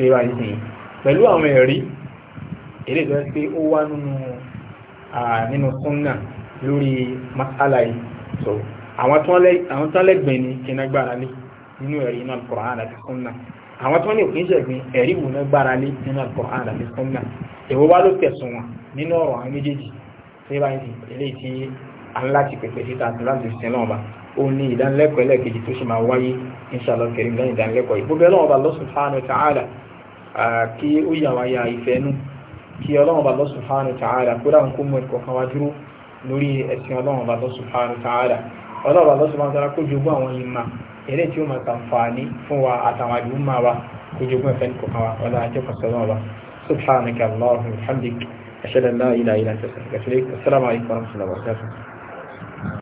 pẹ̀lú àwọn ẹ̀rí eré ìgbà pé ó wá nínú nínú súnnà lórí masala so àwọn tó lẹ́gbẹ̀ẹ́ ni kí náà gbára lé nínú ẹ̀rí iná Al-Qur'an àti súnnà àwọn tó ní òkín ṣẹ̀gbìn ẹ̀rí wù náà gbára lé nínú Al-Qur'an àti súnnà èwo wá ló tẹ̀sùn wọn nínú ọ̀rọ̀ àwọn méjèèjì tí bá ń di eléyìí ó ní ìdánilẹ́kọ̀ọ́ ẹlẹ́ẹ̀kejì tó ṣe máa wáyé inshallah karim lẹ́yìn ìdánilẹ́kọ̀ọ́ yìí gbogbo bá Allah subhanahu wa ta'ala kí ó yà wáyà ìfẹ́ nù kí ọlọ́run bá Allah subhanahu wa ta'ala kó dáhùn kó mú ẹ̀kọ́ kan wá dúró lórí ẹ̀sìn ọlọ́run bá Allah subhanahu wa ta'ala ọlọ́run bá Allah subhanahu wa ta'ala kó jogún àwọn ìmà eré tí ó máa tàǹfààní fún wa àtàwọn àdúgbò máa wa kó jogún ẹ̀fẹ́ nìkan wa subhanaka Allahumma wa bihamdik ashhadu an la ilaha illa anta astaghfiruka wa atubu ilaik assalamu alaikum wa rahmatullahi wa